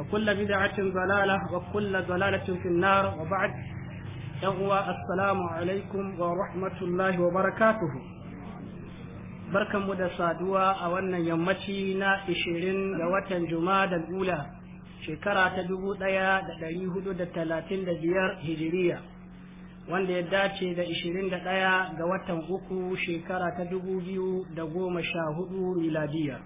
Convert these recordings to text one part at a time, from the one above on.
وكل بدعة ضلالة وكل ضلالة في النار uwa يغوى alaikum wa rahmatullahi wa وبركاته barkan mu da saduwa a wannan yammaci na 20 ga watan juma'a da gula shekara ta da da ɗari talatin biyar hijiriya wanda ya dace da ɗaya ga watan uku shekara ta dubu biyu da goma sha hudu 2014 miladiya.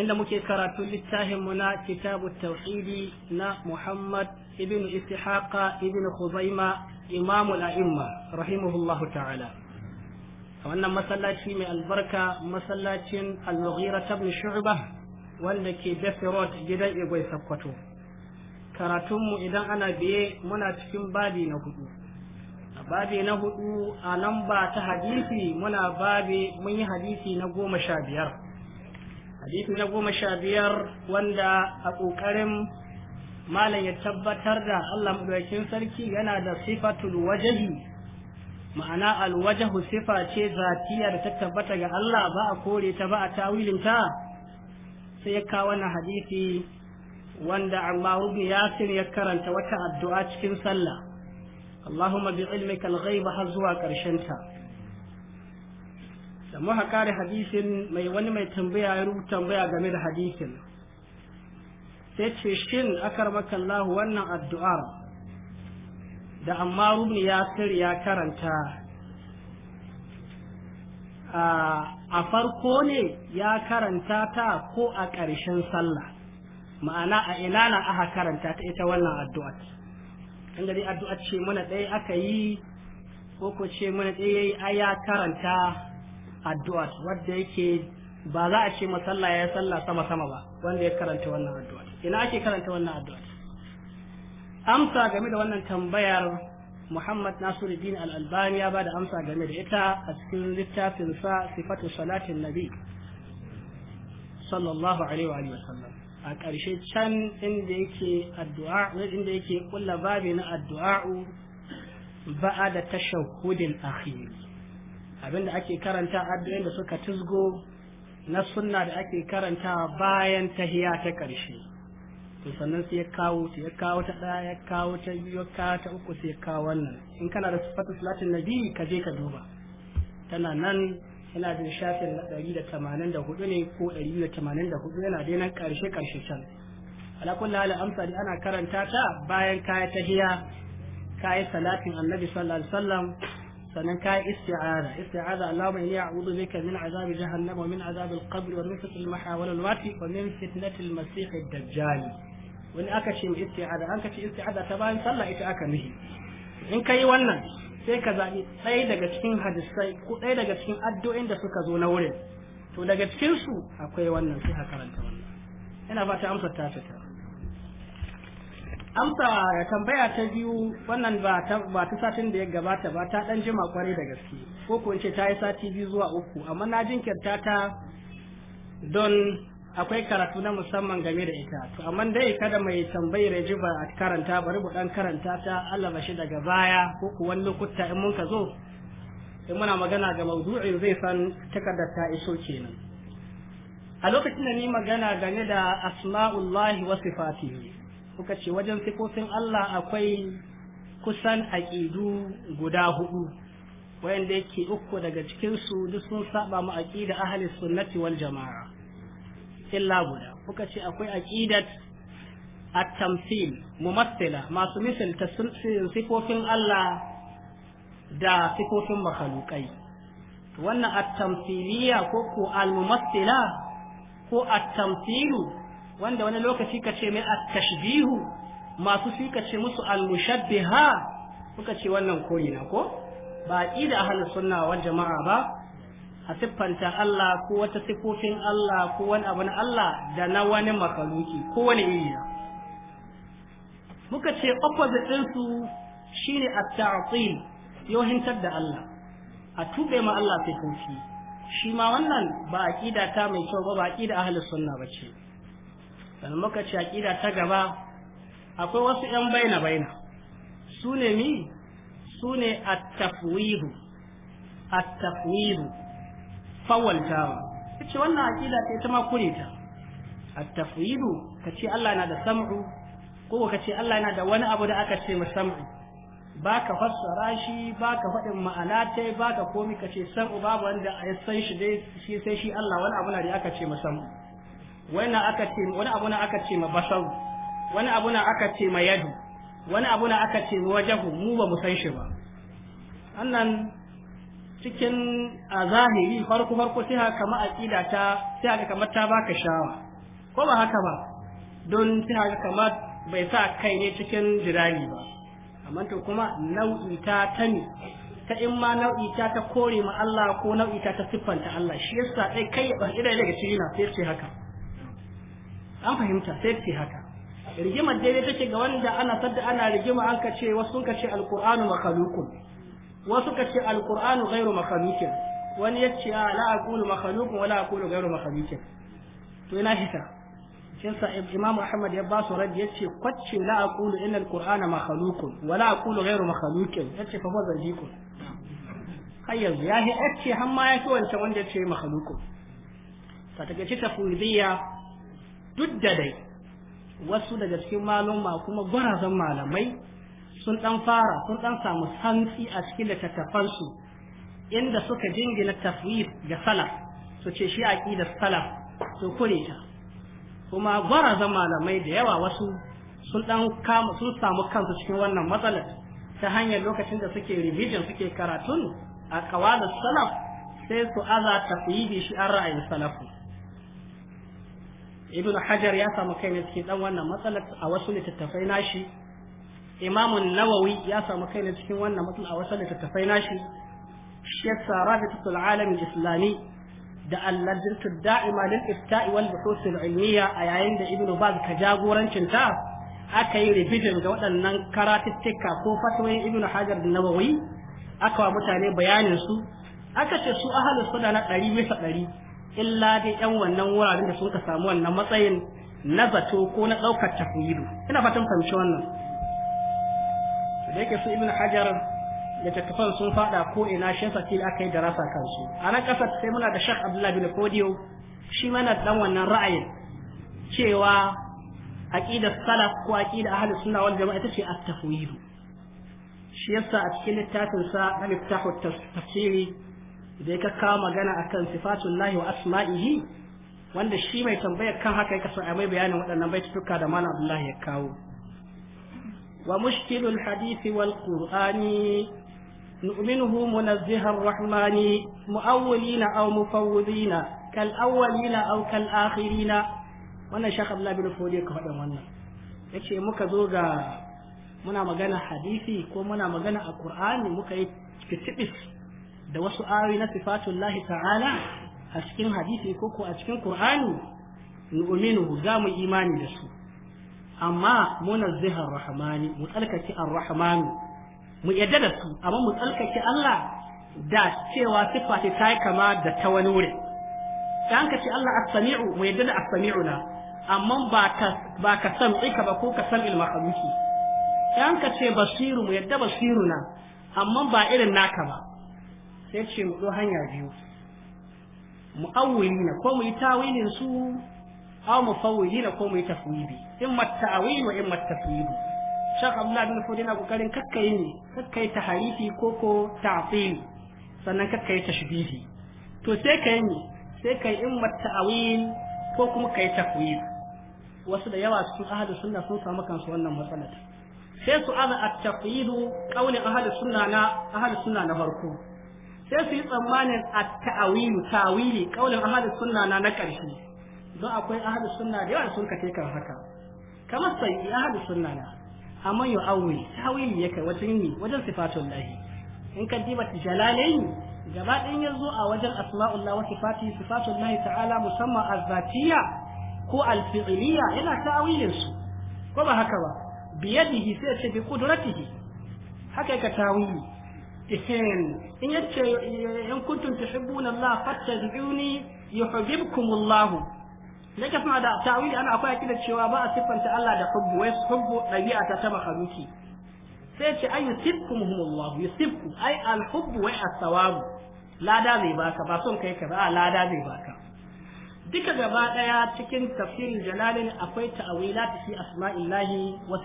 inda muke karatu littafin mu na kitabu tauhidi na Muhammad ibn Ishaqa ibn Khuzaima imamu aimma rahimahullahu ta'ala a wannan masallaci mai albarka masallacin al-Mughira ibn Shu'bah wanda ke Bethel Road gidan Igwe Sokoto karatunmu idan ana biye muna cikin babi na hudu babi na hudu a lamba ta hadisi muna babi mun yi hadisi na goma sha biyar hadisi na goma sha biyar wanda a ƙoƙarin malam ya tabbatar da Allah madaukakin sarki yana da sifatul wajahi ma'ana alwajahu sifa ce zatiya da ta tabbata ga Allah ba a kore ta ba a tawilinta sai ya kawo wannan hadisi wanda Ammar ibn Yasir ya karanta wata addu'a cikin sallah Allahumma bi ilmika al-ghaib har zuwa ƙarshen ta muka kare hadisin mai wani mai tambaya ya rubuta tambaya game da hadisin sai ce shin akar makallahu wannan addu'ar da amma rubni ya ya karanta a farko ne ya karanta ta ko a ƙarshen sallah ma'ana a ina na aka karanta ta ita wannan addu'a an gari addu'a ce mana ɗaya aka yi ko ko ce mana ɗaya ya karanta addu'a wanda yake ba za a ce masalla ya salla sama sama ba wanda ya karanta wannan addu'a ina ake karanta wannan addu'a amsa game da wannan tambayar Muhammad Nasiruddin Al-Albani ya ba da amsa game da ita a cikin littafin sa Sifatu Salatin Nabi sallallahu alaihi wa sallam a ƙarshe can inda yake addu'a inda yake kulla babi na addu'a ba'a da tashahhudin akhiri Abin da ake karanta abin da suka tuzgo na sunna da ake karanta bayan tahiya ta karshe to sannan sai ya kawo sai ya kawo ta daya ya kawo ta biyu ya kawo ta uku sai ya kawo wannan in kana da sifatu salatin nabi ka je ka duba tana nan yana da shafin na ɗari da tamanin da hudu ne ko ɗari da tamanin da hudu yana dai nan ƙarshe ƙarshe can ala kulli amsa da ana karanta ta bayan kaya tahiya kayi salatin annabi sallallahu alaihi wasallam sannan ka yi isti'aza isti'aza Allahumma inni a'udhu bika min azabi jahannam wa min azabi al-qabr wa min fitnati al-mahawal al-wati wa min fitnati al ad-dajjal wani aka ce isti'aza an ka ce isti'aza ta bayan sallah ita aka nuhi. in yi wannan sai ka zabi ɗaya daga cikin hadisai ko ɗaya daga cikin addu'o'in da suka zo na wurin to daga cikin su akwai wannan sai ka karanta wannan ina fata amsar ta fita amsa tambaya ta biyu wannan ba ta satin da ya gabata ba ta dan jima kwarai da gaske ko ko ce ta yi sati biyu zuwa uku amma na jinkirta ta don akwai karatu na musamman game da ita to amma dai kada mai tambayar ya ji ba a karanta bari mu dan karanta ta Allah ba daga baya ko ku wani lokuta in mun ka zo in muna magana ga mawdu'in zai san takardar ta iso kenan a lokacin da ni magana game da asma'ullahi wa sifatihi suka ce wajen sifofin Allah akwai kusan aƙidu guda hudu wayanda yake uku daga cikinsu duk sun saba mu aƙida ahli sunnati wal jama'a illa guda kuka ce akwai aqidat at-tamthil mumathila masu misalta sifofin Allah da sifofin makhluqai wannan at-tamthiliya ko ko al-mumathila ko at-tamthilu wanda wani lokaci ka ce mai at-tashbihu masu su ka ce musu al-mushabbiha kuka ce wannan koyi na ko ba da ahlus sunna wal jama'a ba a siffanta Allah ko wata sifofin Allah ko wani abu na Allah da na wani makaluki ko wani iya. muka ce opposite ɗinsu shine at-ta'til yohintar da Allah a tube ma Allah sifofi shi ma wannan ba aqida ta mai kyau ba ba aqida ahlus sunna bace sannan muka ci aqida ta gaba akwai wasu 'yan baina baina su ne mi su ne at-tafwidu at-tafwidu fawaltawa kace wannan aƙida ta ita ma ta at-tafwidu ka Allah na da sam'u ko kace ce Allah na da wani abu da aka ce sam'u. ba ka fassara shi baka ka faɗin ma'ana ta baka ka komi ka sam'u babu wanda ya san shi dai shi sai shi Allah wani abu na da aka ce sam'u. wani aka ce wani abu na aka ce ma basar wani abu na aka ce ma yadu wani abu na aka ce ma wajahu mu ba mu san shi ba annan cikin a zahiri farko farko sai haka kama aqida ta sai haka kamar ta baka shawa ko ba haka ba don sai haka kamar bai sa kai ne cikin jirani ba amma to kuma nau'i ta ta ne ta in ma nau'i ta ta kore ma Allah ko nau'i ta ta siffanta Allah shi yasa dai kai ba ida daga cikin sai ce haka an fahimta sai ce haka rigimar daidai take ga wanda ana sadda ana rigima an ka ce wasu sun ka ce alqur'anu makhluqun wasu ka ce alqur'anu ghairu makhluqin wani ya ce la aqulu makhluqun wala aqulu ghairu makhluqin to ina hita shin sa imam ahmad ya basu rad ya ce kwacce la aqulu innal qur'ana makhluqun wala aqulu ghairu makhluqin ya ce fa fa zanjikun kai yanzu ya ce hamma ya ce wancan wanda ya ce makhluqun ta take ce tafwidiyya duk da dai wasu daga cikin maluma kuma gwarazan malamai sun dan fara sun dan samu santsi a cikin littattafansu inda suka jingina taswif ga salaf su ce shi aqida salaf to kure ta kuma gwarazan malamai da yawa wasu sun dan kama sun samu kansu cikin wannan matsalar ta hanyar lokacin da suke revision suke karatun a kawalin salaf sai su aza taswifi shi an ra'ayin salafu ibn hajar ya samu kai ne cikin dan wannan matsalar a wasu littattafai nashi imam nawawi ya samu kai ne cikin wannan matsalar a wasu littattafai nashi shaykh rabitatul alam islami da allajintu da'ima lil ifta'i wal buhus al ilmiya a yayin da ibn baz ka jagorancin ta aka yi revision ga waɗannan karatuttuka ko fatawoyin ibn hajar da nawawi aka wa mutane bayanin su aka ce su ahalus sunna na ɗari bisa ɗari illa dai yan wannan wuraren da sun ka samu wannan matsayin na zato ko na ɗaukar tafwidu ina fatan fahimci wannan to da yake su ibn hajar da tattafan sun faɗa ko ina shi yasa aka yi da rasa kansu a nan ƙasar sai muna da shek abdullahi bin kodiyo shi mana dan wannan ra'ayin cewa aqidar salaf ko aqidar ahlus sunna wal jama'a ita ce a tafwid shi yasa a cikin littafin sa na miftahu tafsiri da ya kakka magana akan sifatun lahi wa asma'ihi wanda shi mai tambayar kan haka ya kaso a mai bayanin waɗannan tuka da mana abdullahi ya kawo wa mushkilul hadisi wal qur'ani nu'minuhu rahmani منزه aw mufawwidina kal awwalina aw kal akhirina wannan shekh Allah bin Fodi ka faɗin wannan yace muka zo ga muna magana hadisi ko muna magana a Qur'ani muka yi fitibis da wasu ayoyi na sifatullahi ta'ala a cikin hadisi ko ko a cikin qur'ani nu'minu za mu imani da su amma munazzihar rahmani mu tsalkake ar-rahman mu yadda da su amma mu tsalkake Allah da cewa sifa ta yi kama da ta wani wuri dan ka ce Allah as-sami'u mu yadda da as-sami'u na amma ba ka ba ka san tsika ba ko ka san ilmahaluki dan ka ce basiru mu yadda basiru na amma ba irin naka ba sai ce mu ɗo hanya biyu na ko mu yi tawilin su aw na ko mu yi tafwidi in ma ta'wil wa in ma tafwid Sheikh Abdullah bin Fudi na kokarin kakkai ne kakkai harifi ko ko ta'til sannan kakkai tashbihi to sai kai ne sai kai in ma ta'wil ko kuma kai tafwid wasu da yawa sun ahadu sunna sun samu kansu wannan matsalar sai su ana at-taqyidu qawli ahli sunna na ahli sunna na farko sai su yi tsammanin a ta'awilu ta'awili kaulin ahadus sunna na na ƙarshe don akwai ahadus sunna da yawa sun kace kai haka kamar sai ahadus sunna na amma ya awwi ta'awili kai wajen ni wajen sifatul lahi in ka diba jalalai gaba ɗin ya zo a wajen asma'ullah wa sifati sifatul lahi ta'ala musamman azzatiyya ko alfi'iliyya yana ta'awilin su ko ba haka ba biyadihi sai ce bi qudratihi haka ka ta'awili in yace in kuntum tuhibbuna Allah fattabi'uni yuhibbukum Allah daga suna da tawili ana akwai akida cewa ba a siffanta Allah da hubbu wai hubbu dabi'a ta ta makhluki sai ce ay yusibkum Allah yusibkum ay al hubbu wa as sawab lada zai baka ba son kai ka lada zai baka duka gaba ɗaya cikin tafsirin jalalin akwai ta'awilat fi asma'illahi wa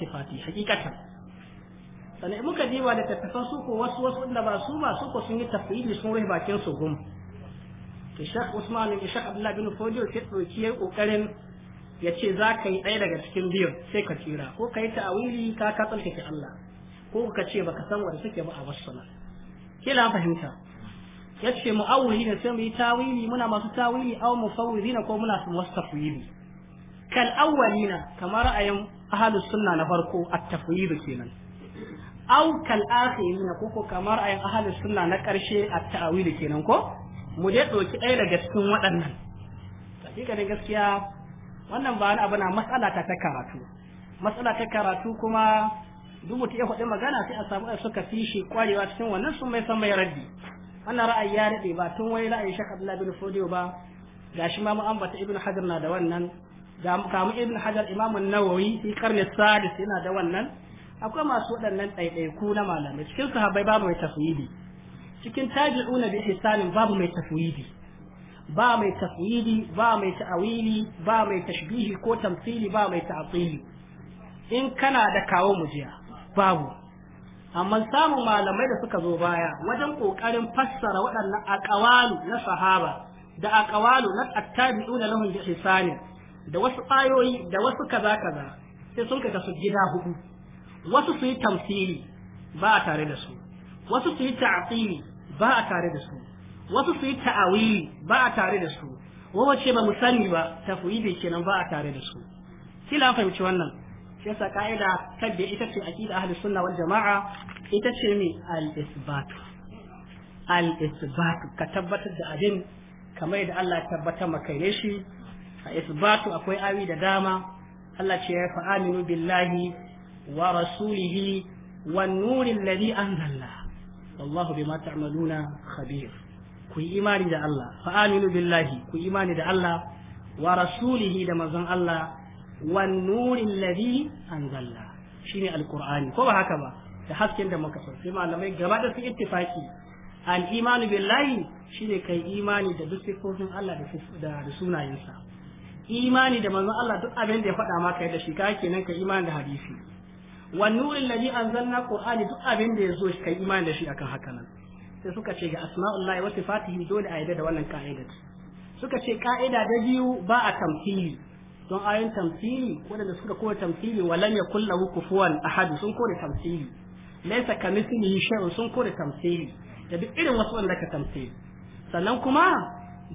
sannan muka diba da tattafan su ko wasu wasu da ba su ba su ko sun yi tafiyi sun rufe bakin su gum to shak usman bin shak abdullah bin fodiyo ke doki yayin kokarin ya ce za ka yi ɗaya daga cikin biyar, sai ka tsira ko ka yi ta'awili ka ka ki Allah ko ka ce ba ka san wanda suke ba a wasu la fahimta ya ce mu'awuri ne sai mu yi tawili muna masu tawili aw mufawwidina ko muna su mustafwili kal awwalina kamar ra'ayin ahlus sunna na farko at-tafwid kenan aw kal akhirin ko ko kamar ayin ahlus sunna na karshe a ta'wil kenan ko mu je doki ɗaya daga cikin waɗannan hakika gaskiya wannan ba wani abu na matsala ta ta karatu matsala ta karatu kuma duk mutum ya faɗi magana sai a samu suka fi shi kwarewa cikin wannan sun mai san mai raddi wannan ra'ayi ya daɗe ba tun wai ra'ayi shaka Abdullah bin Fodiyo ba shi ma mu ambata Ibn Hajar na da wannan ga mu Ibn Hajar Imam nawawi fi karni sadis yana da wannan akwai masu waɗannan ɗaiɗaiku na malamai cikin sahabai babu mai tafwidi cikin na bi ihsanin babu mai tafwidi ba mai tafwidi ba mai ta'awili ba mai tashbihi ko tamthili ba mai ta'tili in kana da kawo mu jiya? babu amma samun malamai da suka zo baya wajen kokarin fassara waɗannan aqwalu na sahaba da aqwalu na attabi'una lahum bi ihsanin da wasu ayoyi da wasu kaza kaza sai sun kaga su gida hudu wasu su yi tamsili ba a tare da su wasu su yi ba a tare da su wasu su yi ta'awili ba a tare da su ce ba mu sani ba tafwidi kenan ba a tare da su kila fahimci wannan shi yasa ka'ida kadda ita ce aqida ahli sunna wal jama'a ita ce mi al isbat al isbat ka tabbatar da abin kamar yadda Allah ya tabbatar maka ne shi a isbatu akwai awi da dama Allah ce ya fa aminu billahi ورسوله والنور الذي أنزلنا والله بما تعملون خبير كي إيمان دا الله فآمنوا بالله كي إيمان دا الله ورسوله دا مزن الله والنور الذي أنزلنا شيني القرآن كما هكذا تحسكن دا مكسر فيما لما يقبع في اتفاقي الإيمان بالله shine kai imani da duk sifofin Allah da sunayensa imani da manzon Allah duk abin da ya faɗa maka da shi ka kenan kai imani da hadisi wa nurin ladhi anzalna qur'ani duk abin da yazo shi kai imani da shi akan haka nan sai suka ce ga asma'ullahi wa sifatihi dole a yadda da wannan ka'ida suka ce ka'ida da biyu ba a tamthili don ayoyin tamthili suka koya tamthili wa lam yakul lahu kufuwan ahad sun kore tamthili laysa kamithlihi shay'un sun kore tamthili da duk irin wasu wanda ka tamthili sannan kuma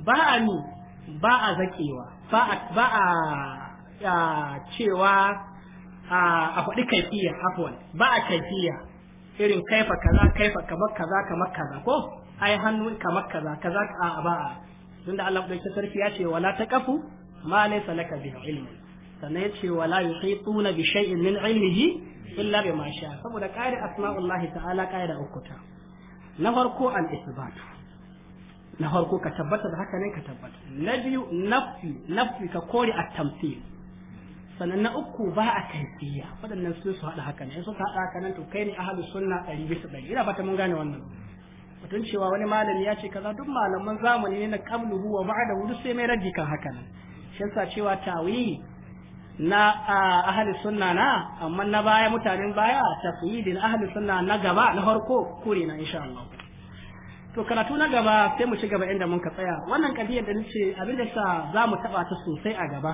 ba a ni ba a zakewa ba a cewa a faɗi kaifiya afwan ba a kaifiya irin kaifa kaza kaifa kamar kaza kamar kaza ko ai hannu kamar kaza kaza a ba a tunda Allah ta sarki ya ce wala taqafu ma laysa laka bi ilmi sannan ya ce wala yuhituna bi shay'in min ilmihi illa bima sha saboda qaida asma'ullahi ta'ala qaida ukuta na farko al isbatu na farko ka tabbata da haka ne ka tabbata na biyu nafi nafi ka kore a tamthil sannan na uku ba a kaifiya waɗannan sun su haɗa haka ne in suka haɗa haka nan to kai ne ahalu sunna ɗari bisa ɗari ina fata mun gane wannan mutum cewa wani malami ya ce kaza duk malaman zamani ne na huwa ba da wuri sai mai raddi kan haka nan shi yasa cewa tawi na ahli sunna na amma na baya mutanen baya tafyidin ahli sunna na gaba na farko kure na insha Allah to karatu na gaba sai mu ci gaba inda mun ka tsaya wannan kadiyar da nace abin da sa zamu mu taba ta sosai a gaba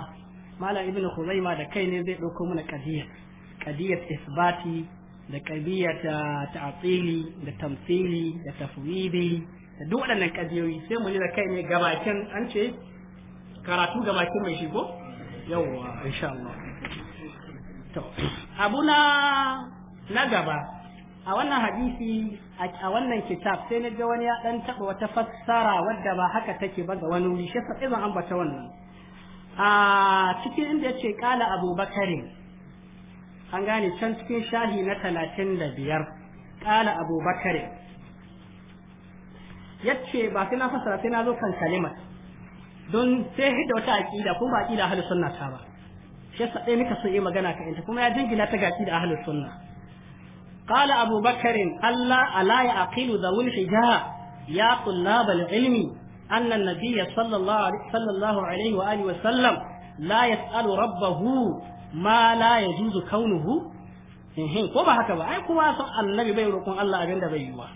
malam ibnu khuzaima da kai ne zai dauko mana qadiyya qadiyyat isbati da ta ah, ta'tili da tamthili da tafwidi da duk waɗannan qadiyoyi sai mu da kai ne gabakin an ce karatu gabakin mai shi ko yawwa insha Allah to abuna na gaba a wannan hadisi a wannan kitab sai na ga wani ya dan taba wata fassara wadda ba haka take ba ga wani wuri shi sai an ambata wannan a cikin inda yace kala abubakarin an gane can cikin shahi na talatin da biyar kala abubakarin ce ba sai na fasara sai na zo kan kalimar don sai hidda wata aƙida ko ba aƙida ahalus sunna ta ba shi yasa muka nika so yi magana ka inta kuma ya jingila ta ga aqida ahlus sunna qala abubakarin allah ala ya aqilu dhawul hijah ya tullab al ilmi أن النبي صلى الله عليه, صلى الله عليه وآله وسلم لا يسأل ربه ما لا يجوز كونه ko ba haka ba ai kuma san annabi bai roƙon Allah abin da bai yi ba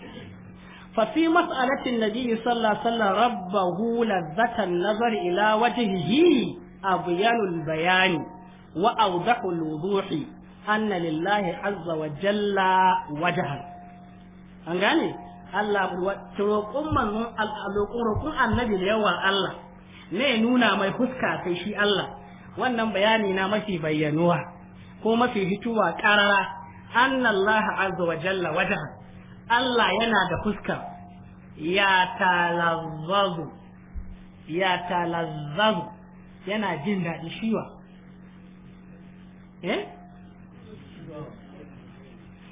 fa fi mas'alatin nabi sallallahu alaihi wasallam rabbahu ladzatan nazar ila wajhihi abyanul bayani wa awdahul anna lillahi azza wa jalla Allah roƙon manzon roƙon annabi da yawan Allah ne nuna mai fuska sai shi Allah wannan bayani na mafi bayyanuwa ko mafi hituwa ƙarara annallah azza wa jalla wajha Allah yana da fuska ya talazzazu ya talazzazu yana jin daɗi shiwa eh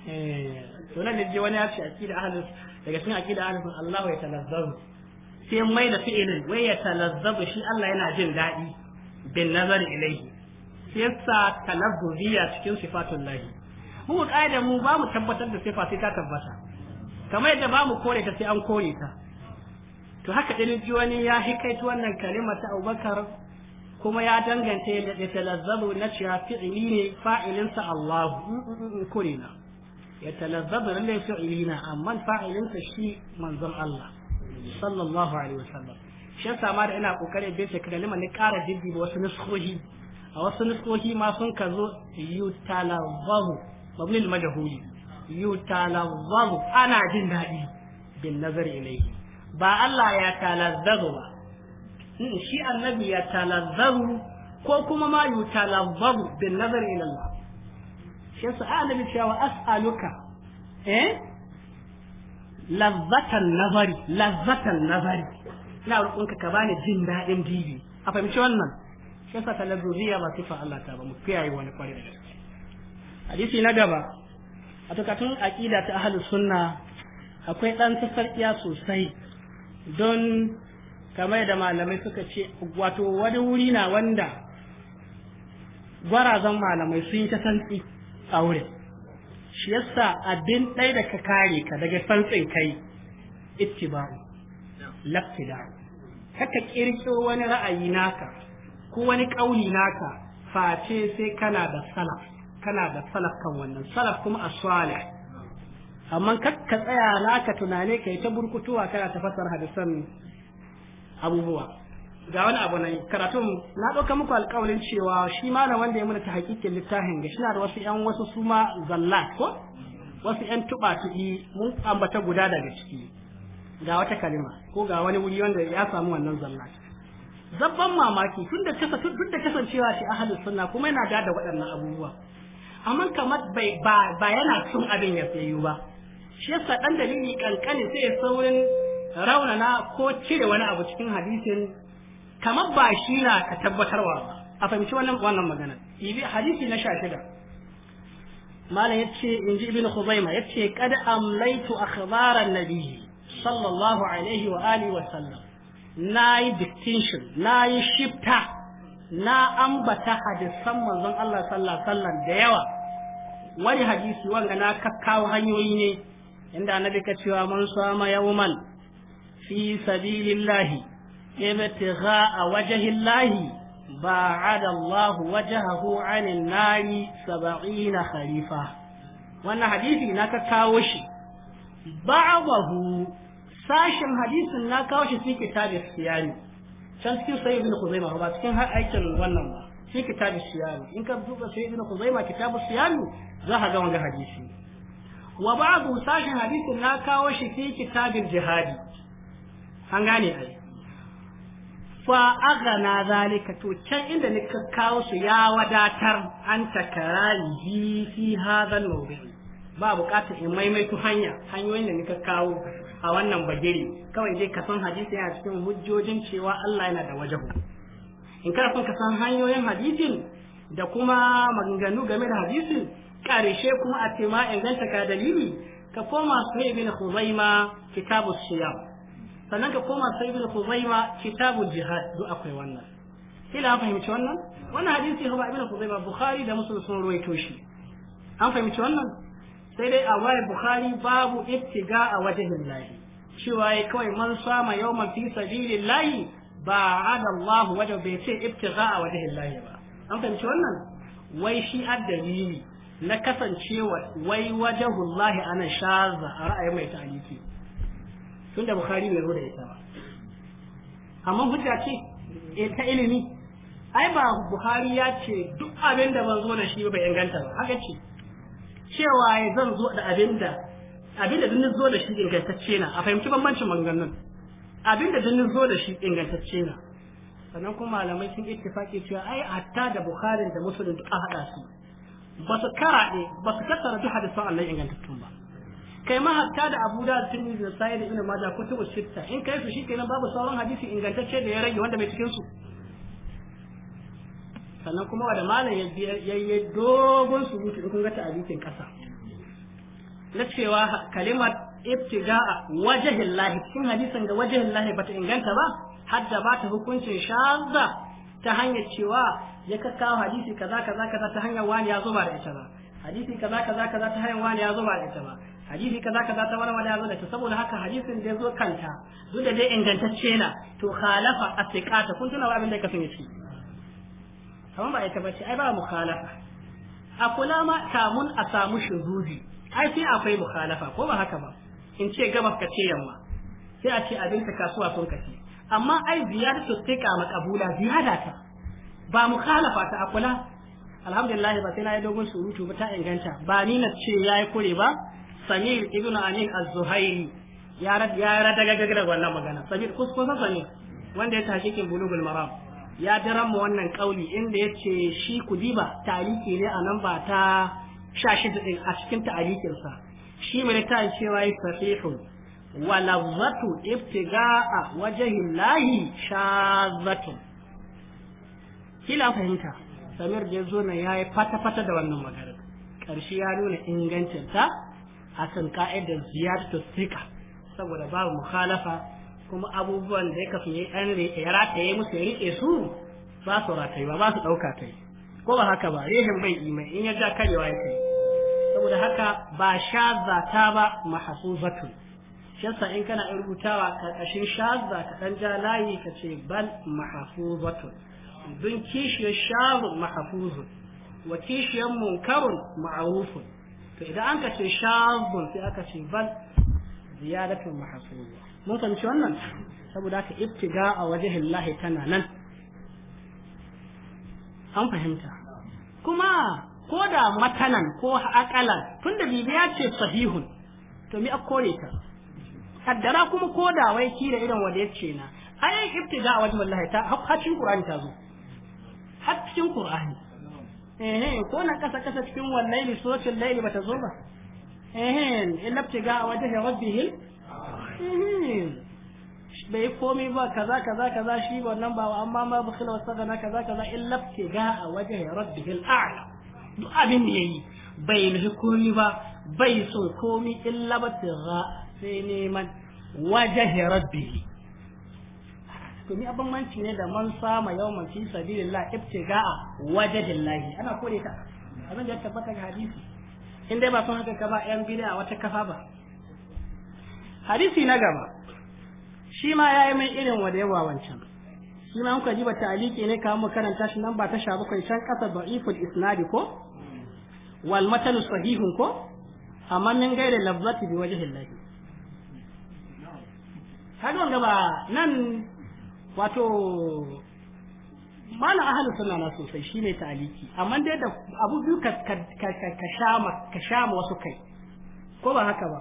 eh to nan ne wani ya ce akida ahlus daga cikin aqida ahlus Allah ya talazzabu sai mai da fi'ilin wai ya talazzabu shi Allah yana jin daɗi bin nazar ilaihi sai sa talazzubiya cikin sifatun lahi mu kaida mu ba mu tabbatar da sifa sai ta tabbata kamar yadda ba mu kore ta sai an kore ta to haka ɗin ji wani ya hikaitu wannan kalima ta Abubakar kuma ya danganta da talazzabu na cewa fi'ili ne fa'ilinsa Allah mm, mm, mm, kore na يتلذذ من فعلنا أما الفاعل تشي منظر الله Allah. الله عليه وسلم shi yasa ma da ina kokarin bin shi kalima ne ƙara dibbi ba wasu nuskohi a wasu nuskohi ma sun ka zo yutalawwahu mabnil majhuli yutalawwahu ana jin daɗi bin nazari ilayhi ba Allah ya talazzaru ba shi annabi ya talazzaru ko kuma ma yutalawwahu bin nazari ilallah shi su annabi cewa as'aluka eh lazzatan nazari lazzatan nazari ina roƙonka ka bani jin daɗin dibi a fahimci wannan shi sa talazuriya ba sifa Allah ta ba mu kiyaye wani kwari da hadisi na gaba a tukatun aqida ta ahlus sunna akwai dan tasarkiya sosai don kamar da malamai suka ce wato wani wuri na wanda gwarazan malamai sun yi ta santsi a wurin shi yasa abin ɗaya da ka kare ka daga santsin kai ittiba'u laftida'u kaka kirkiro wani ra'ayi naka ko wani ƙauli naka face sai kana da salaf kana da salaf kan wannan salaf kuma as-salih amma kakka tsaya naka tunane kai ta burkutuwa kana ta fasar hadisan abubuwa ga wani abu nan karatun na ɗauka muku alƙawarin cewa shi malam wanda ya muna ta hakikin littafin ga shina da wasu 'yan wasu suma zalla ko wasu 'yan tuba mun ambata guda daga ciki ga wata kalima ko ga wani wuri wanda ya samu wannan zalla zabban mamaki tun da kasa tun da kasancewa shi ahli sunna kuma yana da da waɗannan abubuwa amma kamar bai ba, yana sun abin ya sayu ba shi yasa dan dalili kankani sai ya saurin raunana ko cire wani abu cikin hadisin kamar ba shi na ka tabbatarwa ba a fahimci wannan wannan magana ibi hadisi na sha shida malam yace inji ibnu khuzaima yace kad amlaitu akhbaran nabiyyi sallallahu alaihi wa alihi wa sallam nayi distinction nayi shifta na ambata hadisan manzon Allah sallallahu alaihi da yawa wani hadisi wanga na kakkawo hanyoyi ne inda annabi ka cewa man sama yawman fi sabilillahi ابتغاء وجه الله باعد الله وجهه عن النار سبعين خليفة وانا حديثي ناكا كاوشي بعضه sashen hadisin na kawo shi fi kitabin siyari can cikin sai ibn kuzaima ba cikin har aikin wannan ba kitabin siyari in ka duba sai ibn kuzaima kitabin za ka ga wanga hadisi wa ba'du sashen na kawo shi kitabin jihadi an gane fa agana zalika to can inda ni kawo shi ya wadatar an takarari fi hadha al ba bukatar in maimaitu hanya hanyoyin da nika kawo a wannan bagiri kawai dai ka san hadisi yana cikin hujjojin cewa Allah yana da wajahu in kana son ka san hanyoyin hadisin da kuma maganganu game da hadisin karshe kuma a tema inganta ka dalili ka koma sai ibn Khuzaima kitabu siyam sannan ka koma sai ibn Khuzaima kitabul jihad duk akwai wannan kila an fahimci wannan wannan hadisi ba ibn Khuzaima Bukhari da Muslim sun ruwaito shi an fahimci wannan sai dai a waye Bukhari babu ittiga a wajen lahi cewa ya kawai man sama yawman fi sabilillahi ba ada Allah wajen bai ce ibtiga a wajen lahi ba an fahimci wannan wai shi addalili na kasancewa wai wajahullahi ana shaza a ra'ayin mai ta'aliki tunda bukhari bai zo da ita ba amma hujja ce e ta ilimi ai ba bukhari ya ce duk abin da ban zo da shi bai inganta ba haka ce cewa ya zan zo da abin da abin da duk zo da shi ingantacce na a fahimci bambancin maganganun abin da dunin zo da shi ingantacce na sannan kuma malamai sun ittifaki cewa ai hatta da bukhari da muslim duk a hada su ba su karaɗe ba su tattara duk hadisan Allah ingantattun ba kai ma hatta da Abu da tuni da Sa'id ibn Majah kutubu shitta in kai su shikenan babu sauran hadisi ingantacce da ya rage wanda mai cikin su sannan kuma wanda malam ya yi dogon surutu da kun ga ta'abitin kasa na cewa kalimar ibtida'a wajhillahi kin hadisin ga wajhillahi bata inganta ba hadda ba ta hukuncin shazza ta hanyar cewa ya kakkawo hadisi kaza kaza kaza ta hanyar wani ya zo ba da ita ba hadisi kaza kaza kaza ta hanyar wani ya zo ba da ita ba hadisi kaza kaza ta wani wani da ta saboda haka hadisin da ya zo kanta duk da dai ingantacce na to khalafa asiqata kun tuna abin da ka sun yace kamar ba ita bace ai ba mukhalafa a kula ma kamun a samu shuhudi ai sai akwai mukhalafa ko ba haka ba in ce gabas ka ce yamma sai a ce abin ka kasuwa sun kace amma ai sai ka makabula ziyada ta ba mukhalafa ta akula alhamdulillah ba sai na yi dogon surutu ba ta inganta ba ni na ce yayi kure ba samir ibn amin az-zuhairi ya rad ya rad daga wannan magana samir sa samir wanda ya kin bulugul maram ya daren mu wannan kauli inda yace shi kudiba tarihi ne a nan ba ta 16 din a cikin ta'alikin sa shi mai ta cewa yi sahihun wa lazzatu ibtiga'a llahi shazzatun kila fahimta samir da zo na yayi fata fata da wannan magana karshe ya nuna ingancinta. akan ka'idar ta sika saboda babu mukhalafa kuma abubuwan da ya kafin ya yi ya rataye musu ya rike su ba su ratayuwa ba ba su ɗauka ta ko ba haka ba rehin bai imai in ya ja karewa ya saboda haka ba shaza ta ba mahasubatun shasa in kana in rubutawa karkashin za ka dan ja layi ka ce bal mahasubatun dun kishiyar sharu mahafuzun wa kishiyar munkarun ma'arufun to idan an ka ce shazun sai aka ce bal ziyadatul mahsuniya mun fahimci wannan saboda ka ibtiga a wajen lahi tana nan an fahimta kuma ko da matanan ko akalan tunda bibiya ce sahihun to mi akore ta kaddara kuma ko da wai ki da irin wanda yace na ai ibtiga a wajen wallahi ta har cikin qur'ani ta zo har cikin qur'ani eh ko nan kasa kasa cikin wallahi suratul ba bata zo ba eh illa ya rabbi rabbih bai komai ba kaza kaza kaza shi wannan ba amma ma wasa na kaza kaza illa ga a wajhi rabbih al'a duk abin da yayi bai nufi komi ba bai so komai illa ga sai neman wajhi rabbih to mi abambanci ne da man sama yawman fi sabilillah ibtiga'a wajhillahi ana kore ta abin da ya tabbata ga hadisi in dai ba son haka ka yan bid'a wata kafa ba hadisi na gaba shi ma yayi mai irin wa da yawa wancan shi ma kuka ji ba ta'aliki ne kamar mu karanta shi nan ba ta sha bakwai can kasa da'iful isnadi ko wal matalu sahihun ko amma min gairi lafzati bi wajhillahi hadon gaba nan wato mana ahalin suna na sosai shine taliki amma dai da abu biyu ka sha ma shama ka shama wasu kai ko ba haka ba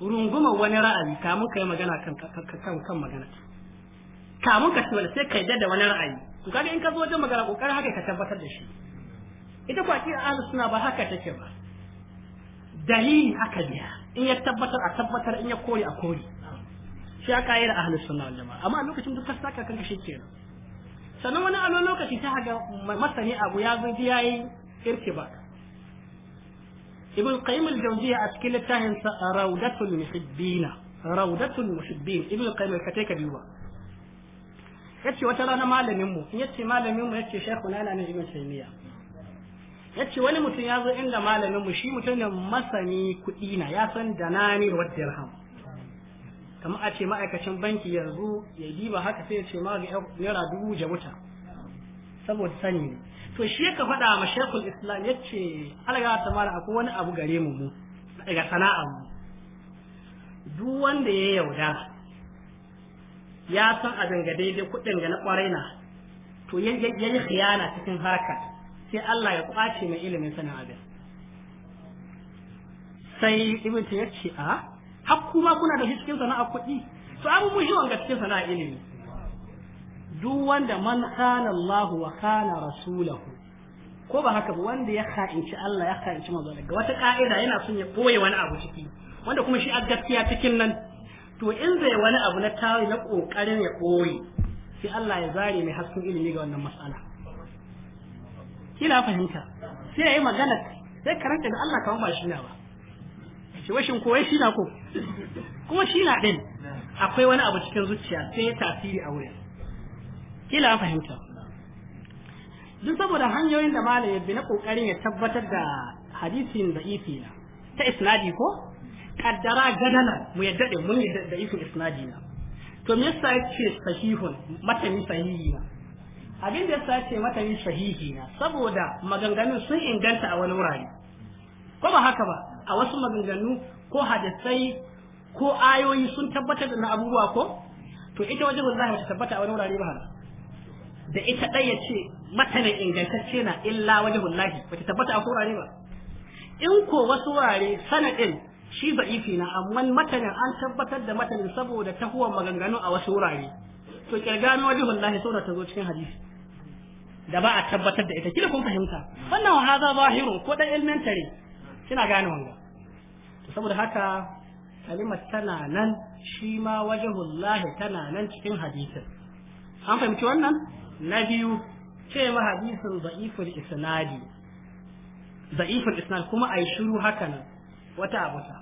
runguma wani ra'ayi kamun kai magana kan kan kan magana kamun ka wani sai kai da wani ra'ayi to kaga in ka zo wajen magana kokarin haka ka tabbatar da shi ita kwa akida ahalin suna ba haka take ba dalili aka biya in ya tabbatar a tabbatar in ya kori a kori. shi aka yi da ahlus sunna wal jama'a amma a lokacin duk kasta ka kanka shikenan sannan wani a lokaci ta ga masani abu ya zo ya irki ba. ibn qayyim al-jawziyya a cikin littafin rawdatul muhibbina rawdatul muhibbin ibn qayyim kace ka duba yace wata rana malamin mu yace malamin mu yace shaykhu na na ibn taymiya yace wani mutum ya zo inda malamin mu shi mutum ne masani kudi na ya san danani wa dirham kamar a ce ma'aikacin banki yanzu ya diba haka sai ya ce ma naira dubu jabuta saboda sani ne to shi ya ka faɗa ma shekul islam ya ce alaga ta mara akwai wani abu gare mu mu daga sana'a mu duk wanda ya yauda ya san abin danga daidai kuɗin ga na ƙwarai na to ya yi khiyana cikin harka sai Allah ya kwace mai ilimin sana'a sai ibn ya ce a har kuma kuna da shi cikin sana'a kuɗi to an shi wanga cikin sana'a ilimi duk wanda man khana Allah wa khana rasulahu ko ba haka ba wanda ya kha'inci Allah ya kha'inci manzo daga wata ka'ida yana son ya boye wani abu ciki wanda kuma shi a gaskiya cikin nan to in zai wani abu na tawi na kokarin ya boye sai Allah ya zare mai hasken ilimi ga wannan mas'ala kila fahimta sai ya yi magana sai karanta da Allah kawai ba shi na ba shi washin ko shi na ko ko shi din akwai wani abu cikin zuciya sai ya tasiri a wurin kila fahimta duk saboda hanyoyin da malam ya bi na kokarin ya tabbatar da hadisin da ifi na ta isnadi ko kaddara gadana mu yadda din mun yadda da ifin isnadi na to me yasa yace sahihun matani sahihi na abin da yasa yace matani sahihi na saboda maganganun sun inganta a wani wurare ko ba haka ba a wasu maganganu ko hadisai ko ayoyi sun tabbatar da abubuwa ko to ita wajen zahir ta tabbata a wani wurare ba da ita ɗaya ya ce matanin ingantacce na illa wajen wallahi ba ta tabbata a wurare ba in ko wasu wurare sanadin shi za'ifi na amma matanin an tabbatar da matanin saboda tahuwar maganganu a wasu wurare to kirgano wajen wallahi saboda ta zo cikin hadisi da ba a tabbatar da ita kila kun fahimta wannan wa haza zahirun ko dan ilmentare kina gane wannan saboda haka kalimar tana nan shi ma wajahullahi tana nan cikin hadisin an fahimci wannan na biyu ce ma hadisin da'iful isnadi da'iful isnadi kuma ai shiru haka nan wata abuta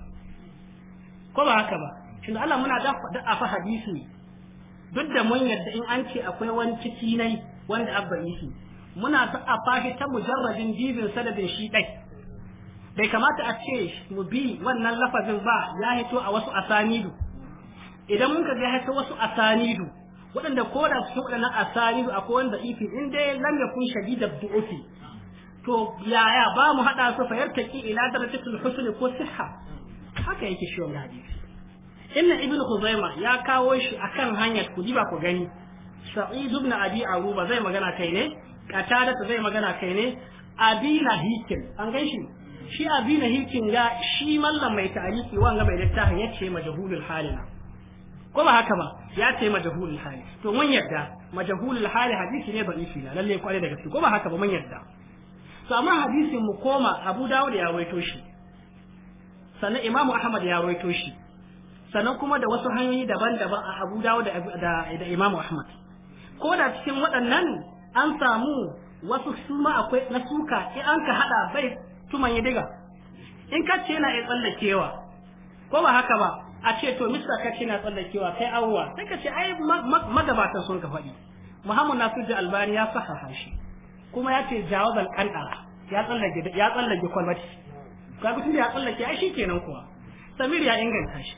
ko ba haka ba shin Allah muna da fa hadisi duk da mun yadda in an ce akwai wani ciki nai wanda abba muna ta afa shi ta mujarradin jibin sadadin shi dai bai kamata a ce mu bi wannan lafazin ba ya hito a wasu asanidu idan mun kaga ya hito wasu asanidu waɗanda ko da su waɗannan asanidu akwai wanda ifi in dai lam yakun da du'ufi to yaya ba mu hada su fa yartaki ila darajatul husn ko sihha haka yake shi wannan hadisi inna ibnu khuzaima ya kawo shi akan hanyar ku diba ku gani sa'id ibn abi aruba zai magana kai ne qatada zai magana kai ne abi lahikin an gan shi abina hikin ga shi mallam mai tariki wanga mai littafin yace majhulul halina ko ba haka ba ya ce majhulul hali to mun yadda majhulul hali hadisi ne da'ifi na lalle kware da gaske ko ba haka ba mun yadda to amma hadisin mu koma Abu Dawud ya waito shi sannan Imam Ahmad ya waito shi sannan kuma da wasu hanyoyi daban-daban a Abu Dawud da da Imam Ahmad ko da cikin waɗannan an samu wasu suma akwai na suka in an ka hada bai tuman ya diga in ka ce yana tsallakewa ko ba haka ba a ce to mista ka ce yana tsallakewa kai awwa sai ka ce ai magabatan sun ka faɗi muhammad nasir da albani ya sahaha shi kuma ya ce jawazal qan'a ya tsallake ya tsallake kwalbati ga tunda ya tsallake ai shikenan kuwa samir ya inganta shi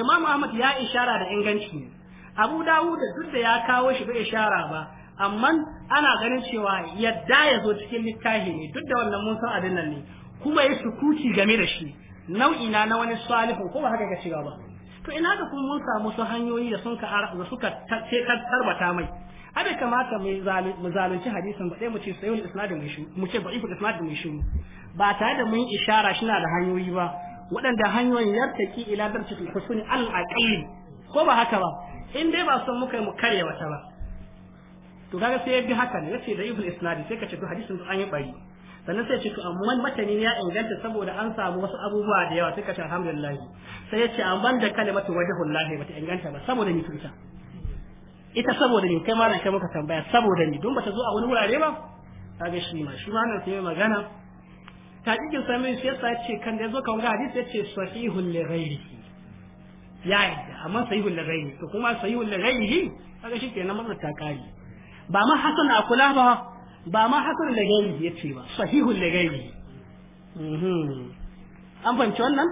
imam ahmad ya ishara da inganci ne abu dawud duk da ya kawo shi bai ishara ba amma ana ganin cewa yadda ya zo cikin littafi ne duk da wannan mun san abin nan ne kuma ya sukuki game da shi nau'i na na wani salihun ko ba haka ga cewa ba to ina ga kuma mun samu su hanyoyi da sun ka da suka tarbata mai abin kamata mu zalunci hadisin ba mu ce sayyul isnad mai shi mu ce mai shi ba tare da mun ishara shi na da hanyoyi ba waɗanda hanyoyin yartaki ila darjatul husni al aqil ko ba haka ba in dai ba son muka mu karya wata ba to kaga sai ya bi haka ne yace da ibul isnadi sai ka ce to hadisin an yi bari sannan sai ya ce to amma ne ya inganta saboda an samu wasu abubuwa da yawa sai ka ce alhamdulillah sai ya ce amma da kalimatu wajhullahi bata inganta ba saboda ni tuta ita saboda ni kai malam kai muka tambaya saboda ni don bata zo a wani wurare ba kaga shi ma shi ma nan sai magana Ta tajikin samin shi yasa ce kan da yazo kan ga hadisi yace sahihul li ghairihi ya yi amma sahihul li ghairihi to kuma sahihul li ghairihi kaga shi kenan ta kari ba ma hasan a kula ba ba ma hasan lagairi ya ce ba sahihun lagairi mhm. an fahimci wannan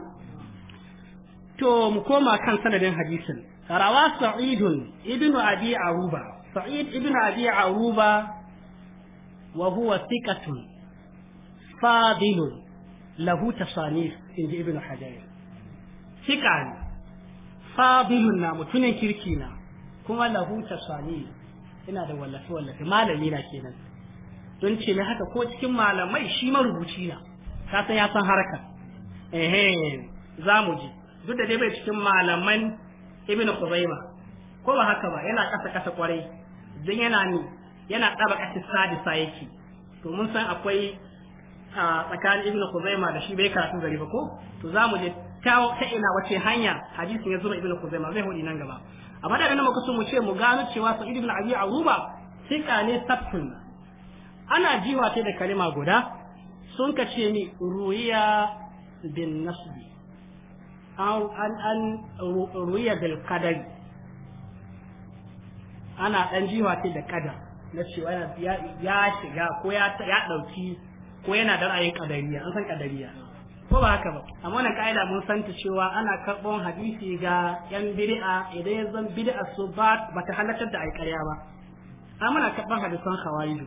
to mu koma kan sanadin hadisin rawa sa'idun ibn abi aruba sa'id ibn abi aruba wa huwa thiqatun fadilun lahu tasanif inji ibn hajar thiqa fadilun na mutumin kirki na kuma lahu tasanif ina da wallafe wallafe malami na kenan don ce mai haka ko cikin malamai shi marubuci na ka san ya san haraka ehe za mu ji duk da dai bai cikin malaman ibnu khuzaima ko ba haka ba yana kasa kasa kwarai don yana ni yana tsaba kasa sadisa yake to mun san akwai a tsakanin ibnu khuzaima da shi bai karatu gari ba ko to za mu je ta ina wace hanya hadisin ya zuma ibnu khuzaima zai hudu nan gaba amma da abinda muka so mu ce mu gano cewa sa'id ibn abi aruba sika ne tafsir ana jiwa ta da kalima guda sun ka ce ni ruya bin nasbi aw an an ruya bil qadari ana dan jiwa ta da qadar na cewa ya ya shiga ko ya dauki ko yana da ra'ayin qadariya an san qadariya ko ba haka ba amma wannan ka'ida mun santa cewa ana karɓon hadisi ga yan bid'a idan ya zan bid'a su ba ta halartar da ai ƙarya ba amma ana karɓon hadisan khawarij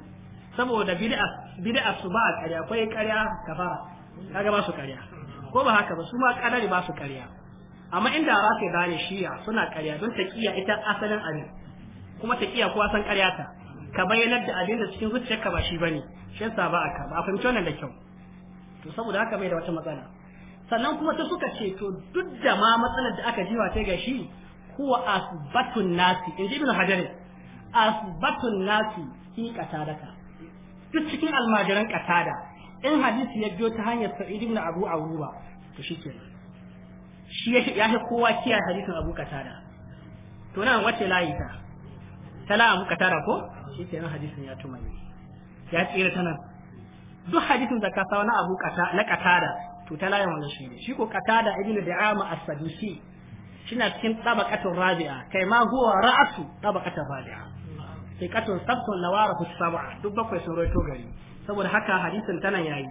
saboda bid'a bid'a su ba ƙarya akwai ƙarya kafara kaga ba su ƙarya ko ba haka ba su ma kadari ba su ƙarya amma inda ba su gane shiya suna ƙarya don ta kiya ita asalin abin kuma ta kiya kowa san ƙarya ta ka bayyanar da abin da cikin zuciyarka ba shi bane shi yasa ba a karba a fahimci wannan da kyau to saboda haka bai da wata matsala sannan kuma ta suka ce to duk da ma matsalar da aka jiwa ta gashi huwa asbatun nasi in ji ibn hajar asbatun nasi fi qatadaka duk cikin almajiran qatada in hadisi ya biyo ta hanyar sa'id ibn abu awruba to ke shi ya fi kowa kiyaye hadisin abu qatada to nan wace layi ta tala abu qatada ko nan hadisin ya tuma ya tsira ta nan duk hadisin da ka sauna na abu kata na katada to ta layin wannan shi ne shi ko katada ibn da'ama as-sadusi shina cikin tabaqatul rabi'a kai ma huwa ra'atu tabaqatul rabi'a sai katun sabtun lawara ku sab'a duk bakwai sun roito gari saboda haka hadisin tana yayi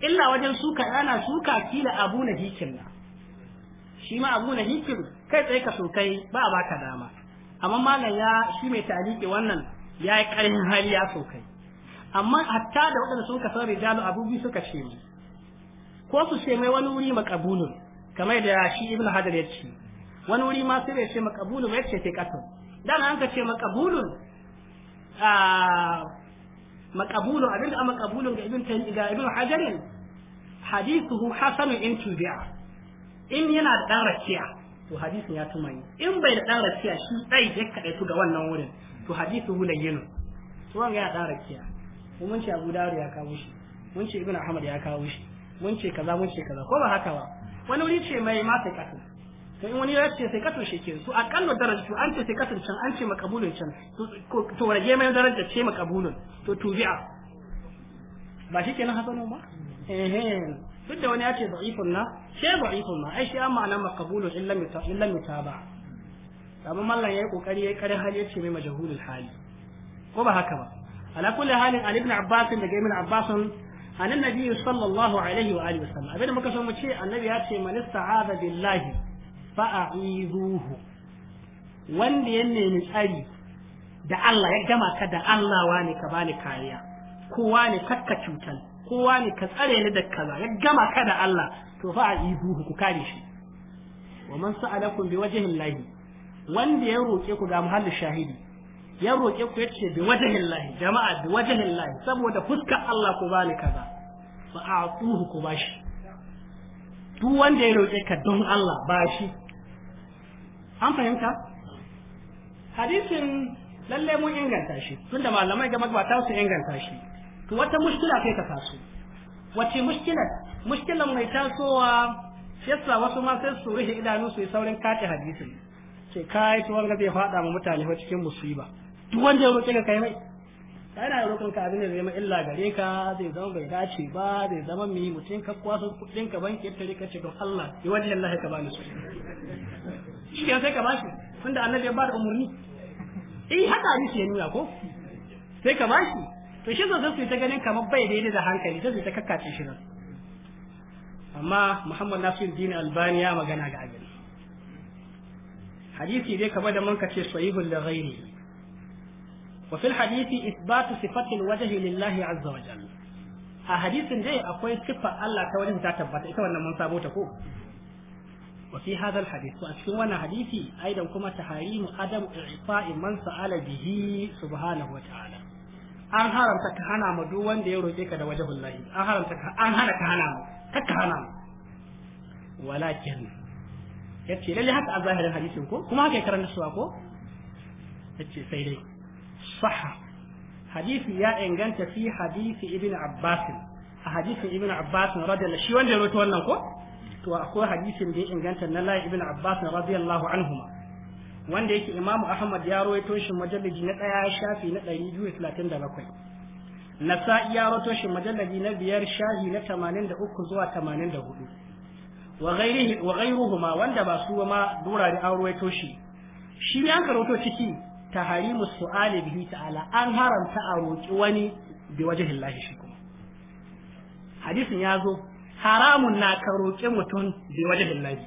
illa wajen suka yana suka kila abu na hikin shi ma abu na hikin kai tsaye ka sokai ba a baka dama amma malam ya shi mai taliki wannan ya yi ƙarfin hali ya sokai amma hatta da waɗanda sun kasar rijalu abubi suka ce mu ko su ce mai wani wuri makabulun kamar da shi ibnu hajar ya ce wani wuri ma sai ya ce makabulun ya ce sai kasan dan an ka ce makabulun a makabulun abinda an makabulun ga ibnu ga ibnu hajar hadithu hasanu in tubi'a in yana da dan rakiya to hadisin ya tumayi in bai da dan rakiya shi dai ya kaɗaitu ga wannan wurin to hadithu layyinu to wanga ya dan rakiya mun ce Abu Dawud ya kawo shi mun ce Ibn Ahmad ya kawo shi mun ce kaza mun ce kaza ko ba haka ba wani wuri ce mai ma sai kasu to in wani ya ce sai kasu shi ke su akalla daraja to an ce sai kasu can an ce makabulun can to rage mai daraja ce makabulun to tubi'a ba shi kenan hasanu ba eh duk da wani ya ce da'ifun na shi da'ifun na ai shi an ma'ana makabulun illa mita illa mitaba amma mallan yayi kokari yayi kare hali yace mai majhulul hali ko ba haka ba ala kulli halin ali ibn abbas daga ibn abbas an annabi sallallahu alaihi wa alihi wasallam abin da muka so mu ce annabi ya ce man ista'aza billahi fa a'izuhu wanda ya nemi tsari da Allah ya gama ka Allah wani ka bani kariya kowa ne kakka cutar kowa ne ka tsare ni da kaza ya gama Allah to ku shi wa bi wanda ya roke ku ga muhallin shahidi ya roƙe ku yace bi wajhin lahi jama'a bi wajhin lahi saboda fuska Allah ku bani kaza fa a'tuhu ku bashi duk wanda ya roƙe ka don Allah bashi an fahimta hadisin lalle mun inganta shi tunda malamai ga ta su inganta shi to wata mushkila kai ka taso wace mushkila mushkilan mai tasowa yasa wasu ma sai su rufe idanu su yi saurin kace hadisin ce kai tuwon ga zai faɗa ma mutane cikin musiba duk wanda ya roƙe ka kai mai yana roƙon ka abin da zai ma illa gare ka zai zama bai dace ba zai zama yi mutum ka kwaso kuɗin ka banki ya tare ka ce don Allah ya wajen Allah ka bani su shi ke sai ka bashi tunda annabi ya da umarni eh haka ni ke nuna ko sai ka bashi to shi zai su ta ganin kamar bai daidai da hankali sai ta kakkace shi nan amma Muhammad Nasir Dini Albani ya magana ga abin hadisi dai kamar da mun kace sahihul da ghairi wa hadisi isbatu sifatil wajhi lillahi azza wa dai akwai sifa Allah ta wajen ta tabbata ita wannan mun sabo ko wa fi hadha al hadith a cikin wannan hadisi aidan kuma taharimu adam i'fa'i man bihi wa ta'ala an haramta ka hana mu duk wanda ya roke ka da wajhullahi an haramta ka an hana ka hana mu ka hana mu walakin ya lalle haka a zahirin hadisin ko kuma haka ya karanta suwa ko yace sai dai sahha hadisi ya inganta fi hadisi ibn abbas a hadisin ibn abbas radiyallahu shi wanda ya rawaito wannan ko to akwai hadisin da ya inganta na la ibn abbas radiyallahu anhuma wanda yake imamu ahmad ya rawaito shi majallaji na daya shafi na 237 nasa'i ya rawaito shi majallaji na biyar shafi na 83 zuwa 84 wa ghairihi wa wanda ba su ma durare an rawaito shi shi ne an karoto ciki taharimu su'ali bihi ta'ala an haramta a roƙi wani bi wajhin lahi shi kuma hadisin ya zo haramun na ka roƙi mutum bi wajhin lahi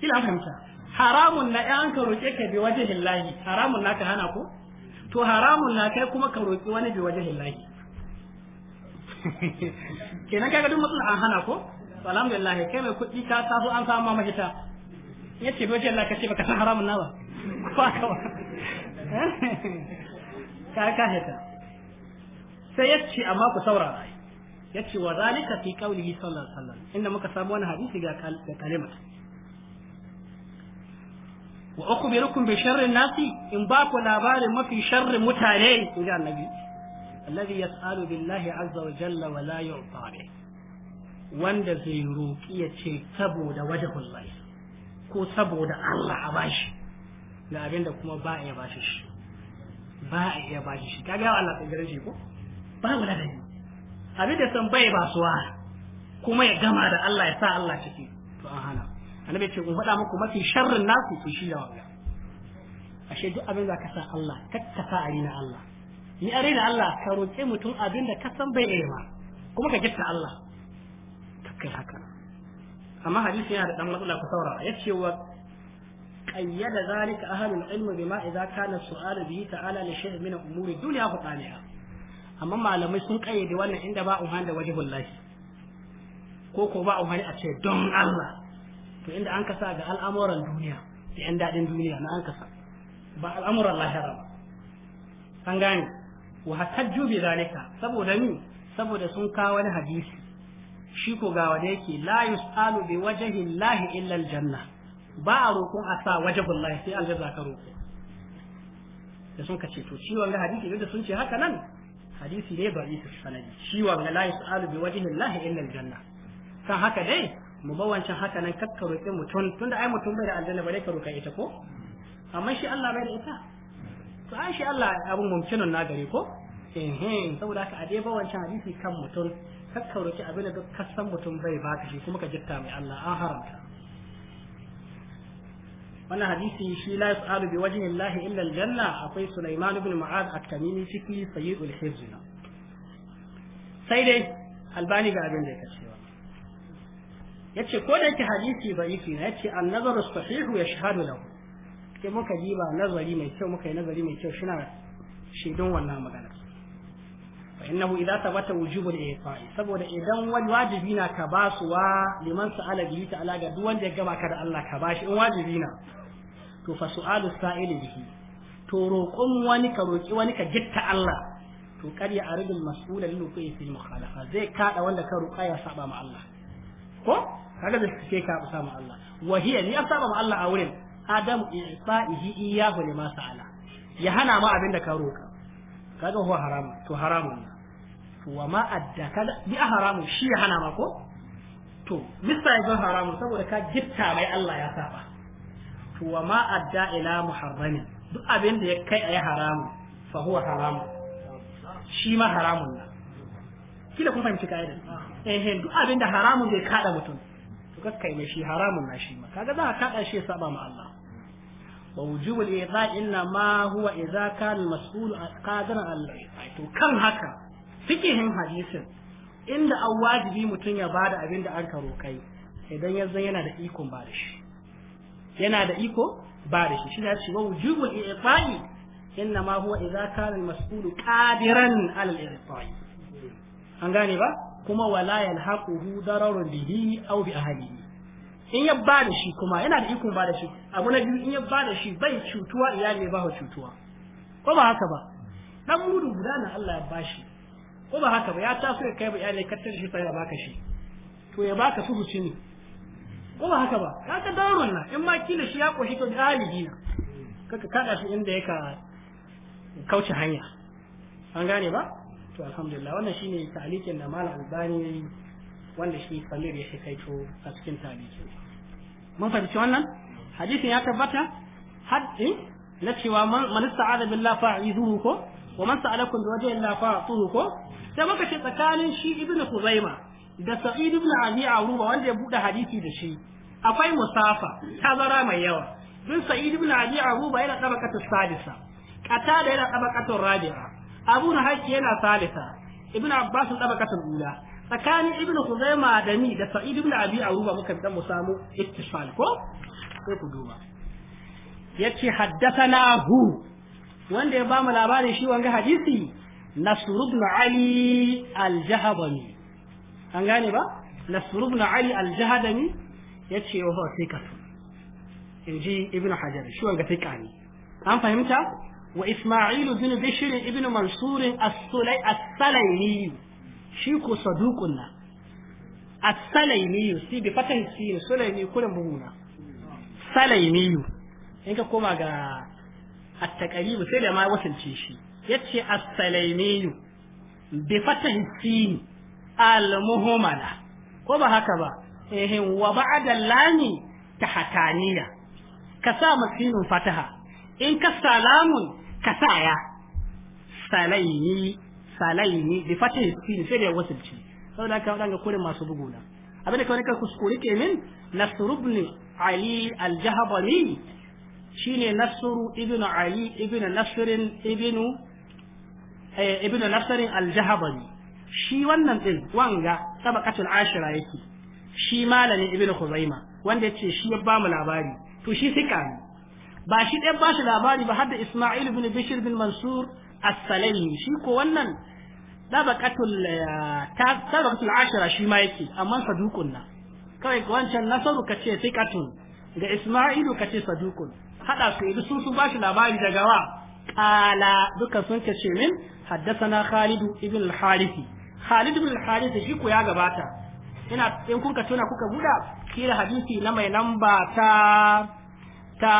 kila fahimta haramun na an ka roƙe ka bi wajhin lahi haramun na ka hana ko to haramun na kai kuma ka roƙi wani bi wajhin lahi kenan kaga duk mutum an hana ko to alhamdulillah kai mai kuɗi ka taso an samu mahita yace bi wajhin lahi ka baka san haramun na ba ka ka hita sai ya ce amma ku saurara Ya ce wa zalika fi qawlihi sallallahu alaihi wasallam inda muka samu wani hadisi ga kalima wa ukhbirukum bi sharri nasi in ba ku labarin mafi sharri mutane inda annabi alladhi yas'alu billahi azza wa jalla wa la yu'ta wanda zai roki ya ce saboda wajhullahi ko saboda Allah a bashi da abin da kuma ba a iya bashi shi ba a iya bashi shi kaga Allah ta gare shi ko ba wala da ni abin da san bai basuwa kuma ya gama da Allah ya sa Allah ciki to an hana annabi ce ku faɗa muku mafi sharrin nasu ku shi da wanga ashe duk abin da ka sa Allah kakkasa a rina Allah ni a rina Allah ka roƙe mutum abin da ka san bai iya ba kuma ka gitta Allah kakkai haka amma hadisi yana da dan matsala ku saurara yace wa qayyada zalika ahlul ilmi bima idza kana su'al bihi ta'ala li shay'in min umuri dunya fa qaliha amma malamai sun kayyade wannan inda ba uhan da wajibul lahi ko ko ba uhan a ce don Allah to inda an kasa ga al'amuran duniya da yan dadin duniya na an kasa ba al'amuran lahira ba an gane wa hatajju bi zalika saboda ni saboda sun kawo wani hadisi Shiko ga wanda yake la yus'alu bi wajhi llahi illa aljanna ba a roƙon a sa waje lahi sai Allah zaka roƙo da sun ka ce to shi wanga hadisi da sun ce haka nan hadisi ne ba isa sanadi shi layi la yasalu bi wajhi Allah illa aljanna kan haka dai mu ba wancan haka nan kakka roƙe mutum tunda ai mutum bai da aljanna bare ka roƙa ita ko amma shi Allah bai da ita to ai shi Allah abun mumkinun na gare ko ehem saboda haka a dai ba wancan hadisi kan mutum kakka roƙi abin da duk kasan mutum bai baka shi kuma ka jitta mai Allah an haramta wannan hadisi shi la yas'alu bi wajhi Allah illa al-janna akwai Sulaiman ibn Mu'adh at-Tamimi fiki sayyidul hizb sai dai albani ga abin da ya cewa yace ko da yake hadisi ba yake ne yace an-nazaru sahihu yashhadu lahu sai muka diba nazari mai kyau muka yi nazari mai kyau shina shaidun wannan magana innahu idza tabata wujubul ihsa'i saboda idan wani wajibi na ka basuwa liman sa'ala bihi ta'ala ga duk wanda ya gama ka da Allah ka bashi in wajibi na to fa su'alu sa'ili bihi to roƙon wani ka roƙi wani ka gitta Allah to karya aridul mas'ula lil wuqi fi mukhalafa zai kada wanda ka roƙa ya saba ma Allah ko kaga da kake ka saba ma Allah wahiya ni saba ma Allah a wurin adam ihsa'ihi iyyahu ya hana ma ka roƙa haramun wa ma addaka bi haramu shi ya hana mako? to mista ya zan haramu saboda ka gitta mai Allah ya saba to wa ma adda ila muharrami duk abin da ya kai ayi haramu fa huwa haramu shi ma haramun na kila kun fahimci kaida eh duk abin da haramun bai kada mutum to kai mai shi haramun na shi ma kaga za ka kada shi ya saba ma Allah ووجوب الإيذاء إنما هو إذا كان المسؤول قادرا على الإيذاء to kan haka fikihin hadisin inda an wajibi mutum ya bada abin da an karo kai idan ya zan yana da ikon ba da shi yana da iko ba da shi shi da shi wau jubul i'fa'i inna ma huwa idza kana al-mas'ulu qadiran ala al an gane ba kuma wala yalhaquhu dararun bihi aw bi ahlihi in ya ba da shi kuma yana da ikon ba da shi abu na biyu in ya ba da shi bai cutuwa iyali ba cutuwa ko ba haka ba dan mudu guda na Allah ya bashi ko ba haka ba ya taso ya kai ba iyalai kattar shi sai ya baka shi to ya baka su huce ne ko ba haka ba kaga darun na in ma kila shi ya koshi to dalibi na kaka kada shi inda yaka kauce hanya an gane ba to alhamdulillah wannan shine ta'liqin da malam albani wanda shi samir ya kaito a cikin ta'liqi mun fahimci wannan hadisin ya tabbata haddi eh? na cewa man sa'ada billah fa'izuhu ko wa man sa'alakum bi wajhi Allah fa'tuhu ko sai muka ce tsakanin shi ibn Khuzaima da Sa'id ibn Abi Aruba wanda ya bude hadisi da shi akwai musafa tazara mai yawa bin Sa'id ibn Abi Aruba yana tabakatu salisa qatada yana tabakatu rabi'a Abu na Haki yana salisa ibn Abbas yana tabakatu ula tsakanin ibn Khuzaima da ni da Sa'id ibn Abi Aruba muka dan mu samu ittifal ko sai ku duba yace haddathana hu wanda ya ba mu labarin shi wanga hadisi nasr ibn ali al-jahdami an gane ba nasr ibn ali al-jahdami yace wa huwa thiqatu inji ibn hajar shi wanga sai ne an fahimta wa isma'il ibn bishr ibn mansur as-sulay as-salaymi shi ko saduqun na as-salaymi si bi fatan sin sulaymi kullum buguna salaymi in ka koma ga at-taqrib sai da ma wasilce shi yace as-salaimiyyu bi fatahi sin al ko ba haka ba eh wa ba'da lami hakaniya ka sa masinin fataha in ka salamun ka sa ya salaimi salaimi bi fatahi sin sai da wasulci saboda ka wadanga kore masu buguna abin da kawai ka kuskure ke min nasrubni ali al shine nasru ibn ali ibn nasr ibn Eh, ibn nafsarin al-jahabari shi wannan din wanga tabaqatul ashira yake shi malamin ibn khuzaima wanda yace shi ya bamu labari to shi sika ba shi ɗaya ba shi labari ba har da isma'il ibn bishr bin mansur as-salami shi ko wannan tabaqatul eh, tabaqatul ashira shi ma yake amma saduqun na kawai wancan nasaru kace sikatun ga isma'ilu kace saduqun hada su idu su su ba shi labari daga wa kala duka sun kace min حدثنا خالد ابن الحارث خالد ابن الحارث shi ko ya gabata ina in kun ka kuka buda kira hadisi na mai lamba ta ta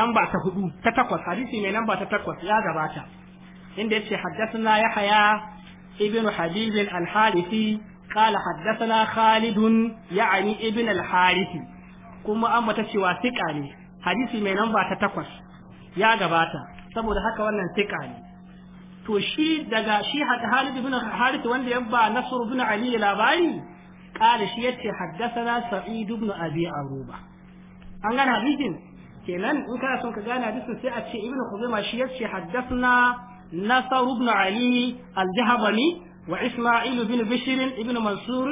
lamba ta hudu ta takwas hadisi mai lamba ta takwas ya gabata inda yace haddathana yahya ibn habib al-harithi قال حدثنا kuma يعني ابن الحارث كما أما ne ثقة mai من ta takwas ya gabata saboda haka wannan tika ne to shi daga shi Khalid ibn Harith wanda ya ba Nasr ibn Ali labari kala shi yace haddathana Sa'id ibn Abi Aruba an gane hadisin kenan in kana son ka gane hadisin sai a ce Ibn Khuzaimah shi yace haddathana Nasr ibn Ali al-Jahabani وإسماعيل بن بشر بن منصور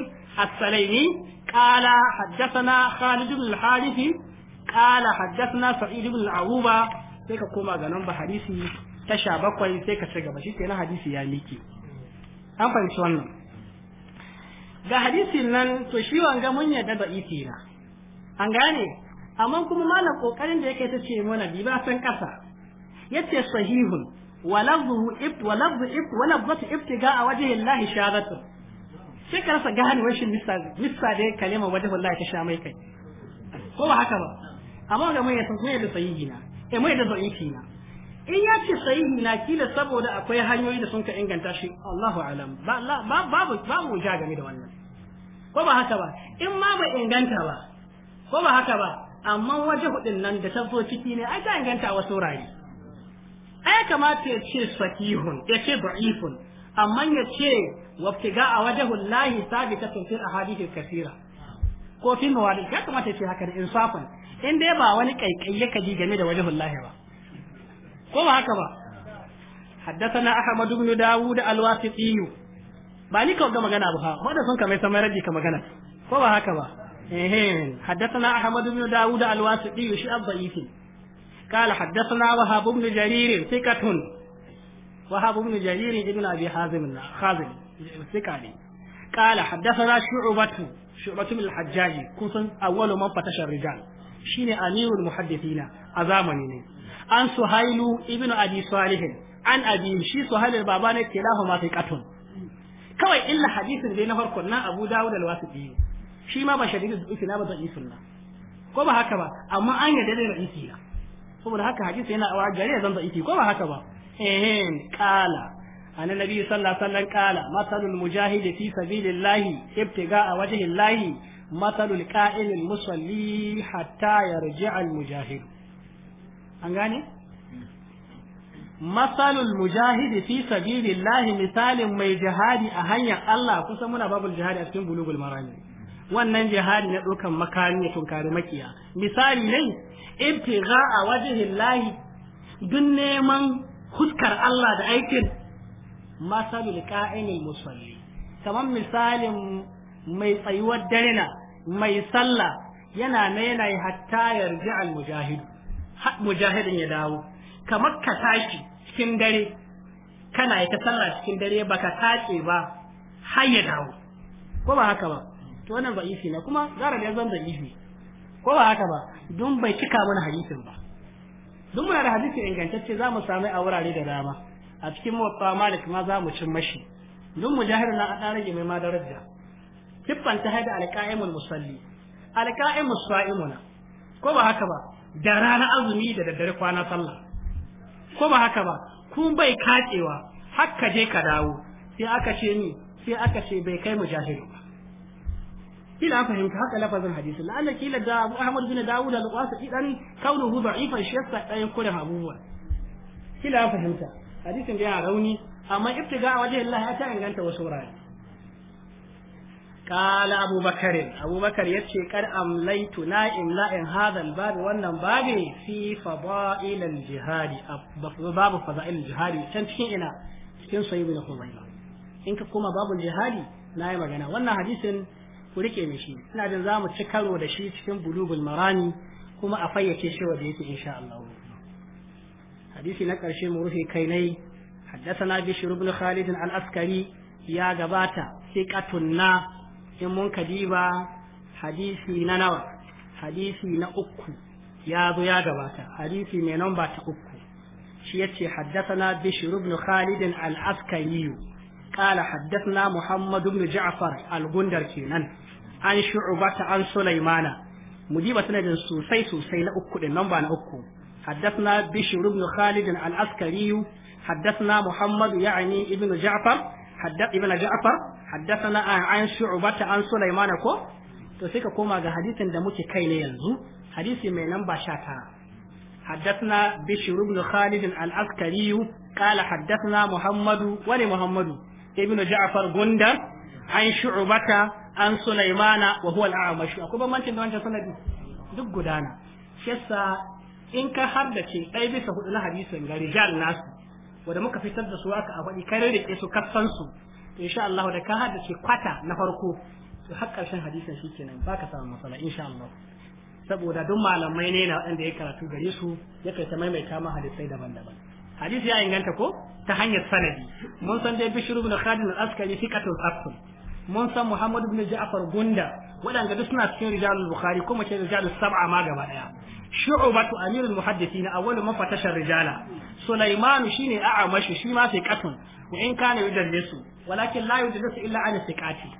السليمي قال حدثنا خالد بن الحارث قال حدثنا سعيد بن العروبة sai ka koma ga nan ba hadisi tasha bakwai sai ka shiga ba shi kenan hadisi ya miki an fahimci wannan ga hadisin nan to shi wanga mun yadda da iti na an gane amma kuma malam kokarin da yake ta ce mana bi ba san kasa yace sahihun walabdu ibt walabdu ibt walabdu ibtiga a wajhi Allah shahadatu sai ka rasa gane washin mista mista da kalmar wajhi Allah ta sha mai kai ko ba haka ba amma ga mun yasa kuma da sahihi na e eh, mai da da'ifi na in ya ce sahihi na kila saboda akwai hanyoyi da sun ka inganta shi Allahu alam ba babu babu ja game da wannan ko ba haka ba in ma bai inganta ba ko ba haka ba amma waje hudin nan da ta zo ciki ne ai ta inganta a wasu rayi ai kamata ya ce sahihun ya ce da'ifun amma ya ce wabtiga a wajhul lahi sabitatun fil ahadith kathira ko fi mawadi ya kamata ya ce haka da insafan in dai ba wani kaikai ya kaji game da wajhullahi ba ko ba haka ba haddathana ahmad ibn dawud al-wasiti ba ni ka ga magana ba wanda sun kamar samai raji ka magana ko ba haka ba eh haddathana ahmad ibn dawud al-wasiti shi abda'ifi قال حدثنا وهاب بن جرير ثقة وهاب بن جرير ابن أبي حازم خازم ثقة قال حدثنا شعبة شعبة من الحجاج كنت أول من فتش الرجال shine amirul muhaddithina a zamani ne an suhailu ibnu abi salih an abi shi suhailu baba ne kilahu ma thiqatun kawai illa hadisin dai na farkon nan abu dawud al-wasiqi shi ma ba shadidu dhufi na ba da sunna. ko ba haka ba amma an yarda da raisi na saboda haka hadisi yana awa gare zan da iki ko ba haka ba eh qala عن النبي صلى الله عليه وسلم قال مثل المجاهد في سبيل الله matalul ka'ilil musalli hatta yarji al mujahid an gane masalul mujahidi fi lahi misalin mai jihadi a hanyar Allah kusan muna babul jihadi a cikin bulugul marami wannan jihadi na dukan makami ya tunkari makiya misali ne ibtigha a lahi dun neman huskar Allah da aikin masalul qa'imil musalli kamar misalin mai tsayuwar dare na mai sallah yana na yana yi hatta yarji al mujahidu mujahidin ya dawo kamar ka tashi cikin dare kana yi ta sallah cikin dare baka tace ba har ya dawo ko ba haka ba to wannan ba isi na kuma zara da zan zan ifi ko ba haka ba dun bai cika mana hadisin ba dun muna da hadisi ingantacce za mu sami a wurare da dama a cikin muwatta malik ma za mu cin mashi dun mujahidin na a ɗan rage mai ma daraja siffanta haida alqa'imul musalli alqa'imus sa'imuna ko ba haka ba da rana azumi da daddare kwana sallah ko ba haka ba kun bai kacewa hakka je ka dawo sai aka ce ni sai aka ce bai kai jahilu ba kila fahimta haka lafazin hadisin la'alla kila da Abu Ahmad bin Dawud al-Qasi dan hu da'ifan shi yasa dan kurin abubuwa kila fahimta hadisin da ya rauni amma ibtiga wajhi Allah ya ta inganta wasu wurare قال أبو بكر أبو بكر يتشي قد أمليت نائم لائن هذا الباب وأن باب في فضائل الجهاد باب فضائل الجهاد تنتهي إلى cikin sayi bin Huzaifa in ka koma babul jihadi na yi magana wannan hadisin ku rike mai shi ina jin za mu ci karo da shi cikin bulugul marami kuma a fayyace shi wa Allah hadisi na karshe mu rufe kai nai حدثنا بشير بن خالد العسكري يا جباتا ثقة in mun kadiba hadisi na nawa hadisi na uku ya zo ya gabata hadisi mai namba ta uku shi yace haddasana bishr ibn khalidin al-askari qala haddathana muhammad ibn ja'far al-gundar kenan an shu'bata an sulaimana mujiba sanadin sosai sosai na uku din namba na uku حدثنا بشر بن خالد العسكري حدثنا محمد يعني ابن جعفر haddasa ibn ja'far an shu'bata an sulaiman ko to sai ka koma ga hadisin da muke kai ne yanzu hadisi mai namba 19 haddathana bishr ibn khalid al-askari qala haddathana muhammad wa ni muhammad ibn ja'far gunda an shu'bata an sulaiman wa huwa akwai bambanci da wancan sanadi duk gudana shi yasa in ka haddace ɗai bisa huɗu na hadisin ga rijal nasu wanda muka fitar da su aka a faɗi kare da ke su kasan su to insha Allah da ka haddace kwata na farko to har karshen hadisin shikenan baka samu matsala insha Allah saboda duk malamai ne na waɗanda ya karatu gare su ya kai ta maimaita ma hadisai daban-daban hadisi ya inganta ko ta hanyar sanadi mun san dai bishiru ibn khadim al-askari thiqatul hasan mun san muhammad ibn ja'far gunda waɗanda duk suna cikin rijalul bukhari kuma ce rijalul sab'a ma gaba daya shu'batu amirul muhaddisin awwalu man fatasha rijala sulaiman shine a'amash shi ma sai katun wa in kana yudallisu walakin la yudallisu illa an thiqati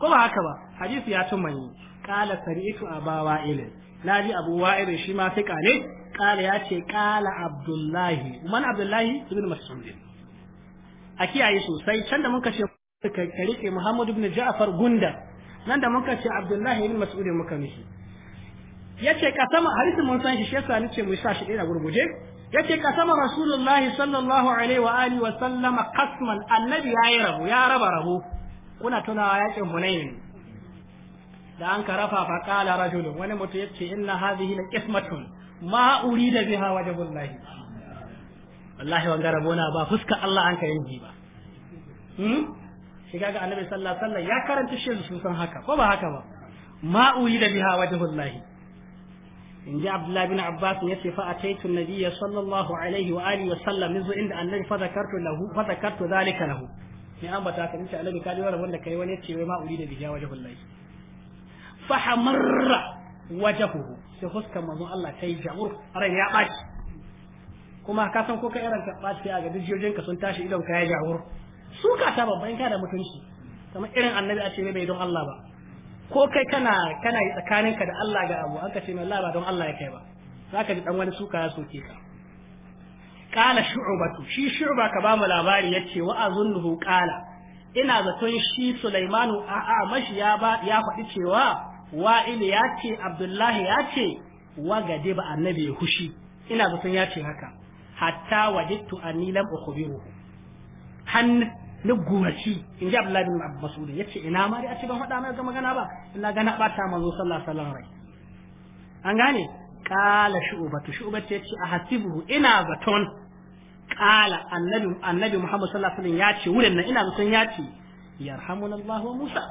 ko ba haka ba hadisi ya tumani qala sari'tu aba wa'il naji abu wa'il shi ma thiqa ne qala ya ce qala abdullahi man abdullahi ibn mas'ud a kiyaye sosai can da muka ce ka rike muhammad ibn ja'far gunda nan da muka abdullahi ibn mas'ud muka mishi yace ka sama hadisi mun san shi shi yasa nace mu sa shi dai gurguje yace ka sama rasulullahi sallallahu alaihi wa alihi wa sallama qasman annabi yayi rabu ya raba rabu kuna tunawa yakin hunain da an karafa fa qala rajulun wani mutum yace inna hadhihi la qismatun ma urida biha wajhullahi wallahi wanga rabona ba fuska Allah an ka yanki ba hmm shi kaga annabi sallallahu alaihi wasallam ya karanta shi sun san haka ko ba haka ba ma urida biha wajhullahi in ji abdullahi bin abbas ya ce fa ataitu nabiyya sallallahu alaihi wa alihi wa sallam nizo inda annabi fa zakartu lahu fa zakartu lahu ni an bata ka nace annabi ka ji wanda kai wani ya ce wai a uri da bija wajhul lahi fa hamarra wajhuhu sai huskar Allah ta yi jamur ran ya baci kuma ka san ko ka irin ka baci a ga dijojin ka sun tashi idon ka ya jamur su ka ta babban ka da mutunci kamar irin annabi a ce bai don Allah ba ko kai kana kana yi tsakaninka da Allah ga abu aka ce wallahi ba don Allah ya kai ba zaka ji dan wani suka ya soke ka qala shu'batu shi shu'ba ka ba mu labari yace wa azunnuhu qala ina zaton shi Sulaimanu a a mashi ya ba ya faɗi cewa wa'il ya ce Abdullahi yace ce wa gade ba annabi ya hushi ina zaton yace haka hatta wajittu anni lam ukhbiruhu han na goraci in ji Abdullahi bin Abu Mas'ud yace ina ma dai a ce ban faɗa mai ga magana ba ina ga na bata manzo sallallahu alaihi wasallam rai an gane qala shu'batu shu'batu a hasibu ina zaton Kala annabi annabi Muhammad sallallahu alaihi wasallam yace wurin nan ina zaton ya yace Allah wa Musa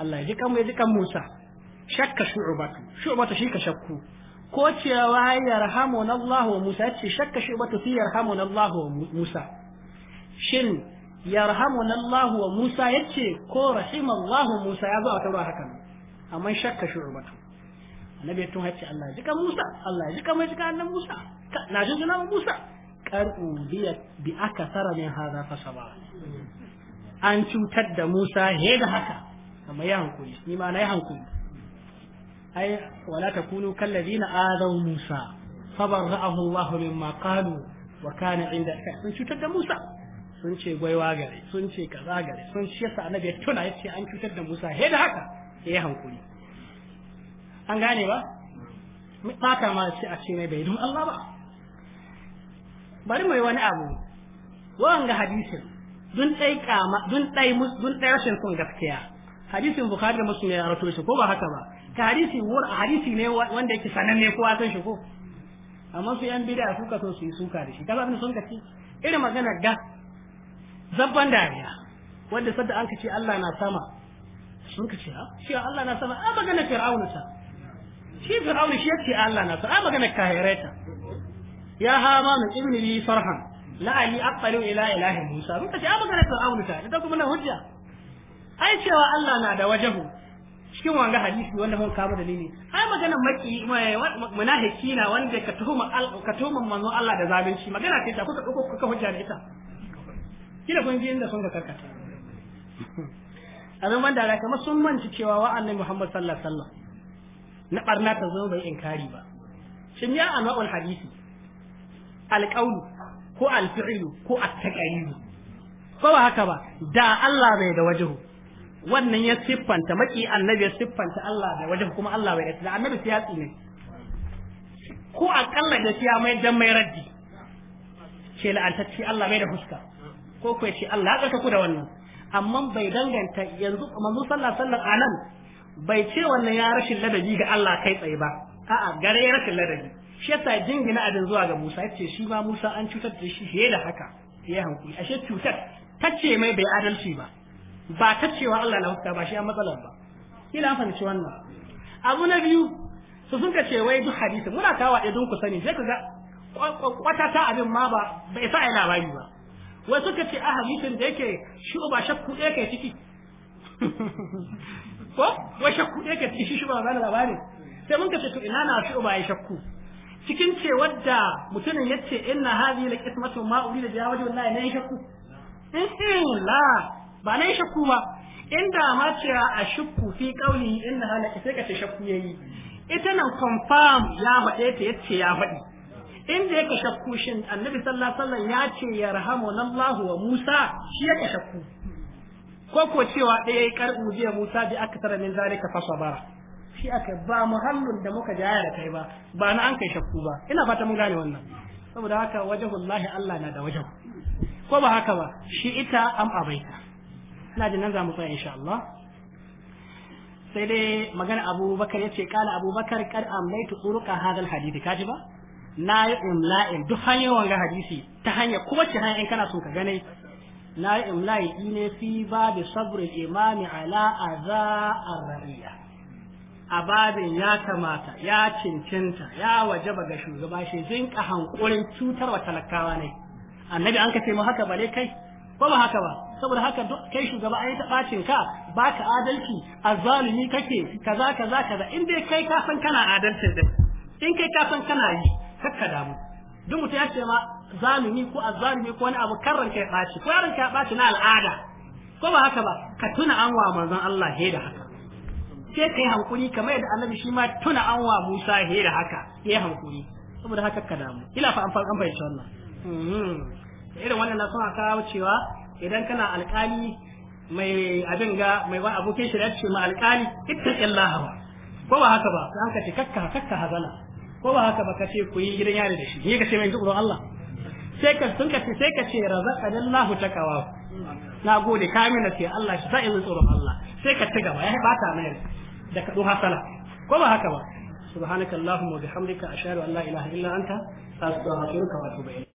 Allah ya ji kan ya ji kan Musa shakka shu'batu shu'batu shi ka shakku ko cewa Allah wa Musa ya ce shakka shu'batu fi Allah wa Musa shin Ya yarhamuna Allah wa Musa ya ce ko rahimallahu Musa ya zo a taura hakan amma shakka shu'batu annabi ya tun hace Allah jika Musa Allah jika mai jika annabi Musa na jin sunan Musa qar'u bi aka tsara min haza hadha fasaba an cutar da Musa he da haka amma ya hankuri ni ma na ya hankuri ai wala takunu kallazina adaw Musa fabarra'ahu Allah mimma qalu wa kana inda sun cutar da Musa sun ce gwaiwa gare sun ce kaza gare sun ce yasa annabi ya tuna ya ce an cutar da Musa he da haka ya hankuri an gane ba mu baka ma ce a cikin bai don Allah ba bari mai wani abu wanga hadisin dun dai kama dun dai mus dun dai rashin son gaskiya hadisin bukhari da muslim ya rawaito shi ko ba haka ba ka hadisi war hadisi ne wanda yake sananne kowa san shi ko amma su yan bid'a suka so su yi suka da shi kaza ne sun kace irin magana ga zabban dariya wanda sadda an ce Allah na sama sun ka ce ha shi Allah na sama a magana fir'auna ta shi fir'auna shi yace Allah na sama a magana kahireta ya min ibn li farhan la'ali aqbalu ila ilahi musa ka ce a magana fir'auna ta ita kuma na hujja ai cewa Allah na da wajahu cikin wanga hadisi wanda mun kama dalili ai magana maki munahiki na wanda ka tuhuma ka tuhuma manzo Allah da zalunci magana ce ta kuka kuka hujja da ita kila kun ji inda sun ga karkata abin ban dara kamar sun manci cewa wa annabi Muhammad sallallahu alaihi wasallam na barna ta zo bai inkari ba shin ya anwa'ul hadisi alqaulu ko alfi'lu ko at ko ba haka ba da Allah bai da wajhu wannan ya siffanta maki annabi ya siffanta Allah da wajhu kuma Allah bai da annabi sai ya tsine ko akalla da siya mai dan mai raddi ce la'antacci Allah bai da fuska ko ko shi Allah ya ƙarfafa da wannan amma bai danganta yanzu manzo sallallahu alaihi wasallam anan bai ce wannan ya rashin ladabi ga Allah kai tsaye ba a'a gare ya rashin ladabi shi yasa jingina abin zuwa ga Musa yace shi ma Musa an cutar da shi fiye da haka ya hankuri ashe cutar ta ce mai bai adalci ba ba ta cewa Allah na hukunta ba shi an matsalar ba kila an fahimci wannan abu na biyu su sun ce wai duk hadisi muna kawo ɗaya don ku sani sai ka ga kwatata abin ma ba bai sa ai labari ba wai suka ce a hadisin da yake shi ba shakku ɗaya kai ciki ko wai shakku ɗaya kai ciki shi ba bani labarin sai mun kace to ina na shi ba ya shakku cikin ce wadda mutumin yace inna hadhihi la qismatu ma urida biha wajhu wallahi ne shakku in eh, la ba ne shakku ba inda ma ce a shakku fi qawli inna halaka sai kace shakku yayi ita nan confirm ya faɗe ta yace ya faɗi inda ya kashe kushin annabi sallallahu alaihi wasallam ya ce lallahu wa Musa shi ya kashe ku ko ko cewa ɗaya ya karɓu jiya Musa bi aka tara min zalika fa sabara shi aka ba muhallin da muka jaya da kai ba ba na an kai shakku ba ina fata mun gane wannan saboda haka wajahullahi Allah na da wajahu ko ba haka ba shi ita am abaita ina jin nan za mu tsaya insha Allah sai dai magana Abu ya ce kala Abu Bakar kad amlaitu turuqa hadal hadith kaji ba na yi umla'in duk hanyoyin wanga hadisi ta hanya kuma ce hanya in kana son ka gane na yi imla'i ine fi babu sabrin imami ala aza za a babin ya kamata ya cincinta ya ba ga shugaba shi zinka hankulin wa talakawa ne annabi an ka ce mu haka bale kai ko ba haka ba saboda haka duk kai shugaba ai ta bacin ka baka adalci azalimi kake kaza kaza kaza in dai kai ka san kana adalcin din in kai ka san kana yi kakka damu duk mutum ya ce ma zalimi ko azzalimi ko wani abu karran kai baci ko yaron kai baci na al'ada ko ba haka ba ka tuna an wa manzon Allah he da haka sai kai hankuri kamar yadda annabi shi ma tuna an wa Musa he da haka yayi hankuri saboda haka ka damu ila fa an fa an fahimci wannan hmm. irin wannan na suna kawo cewa idan kana alƙali mai abin ga mai wani abokin shirya ce ma alƙali ittaqillaha ko ba haka ba sai an ka ce kakka kakka hazala ko ba haka ba ka ce ku yi gidan yari da shi ne ka ce mai duk Allah sai ka sun ka ce sai ka ce razaqallahu takawa na gode ka mina ce Allah shi sai tsoron Allah sai ka ci gaba ya bata mai da ka duha sala ko ba haka ba subhanakallahumma wa bihamdika ashhadu an la ilaha illa anta astaghfiruka wa atubu ilayk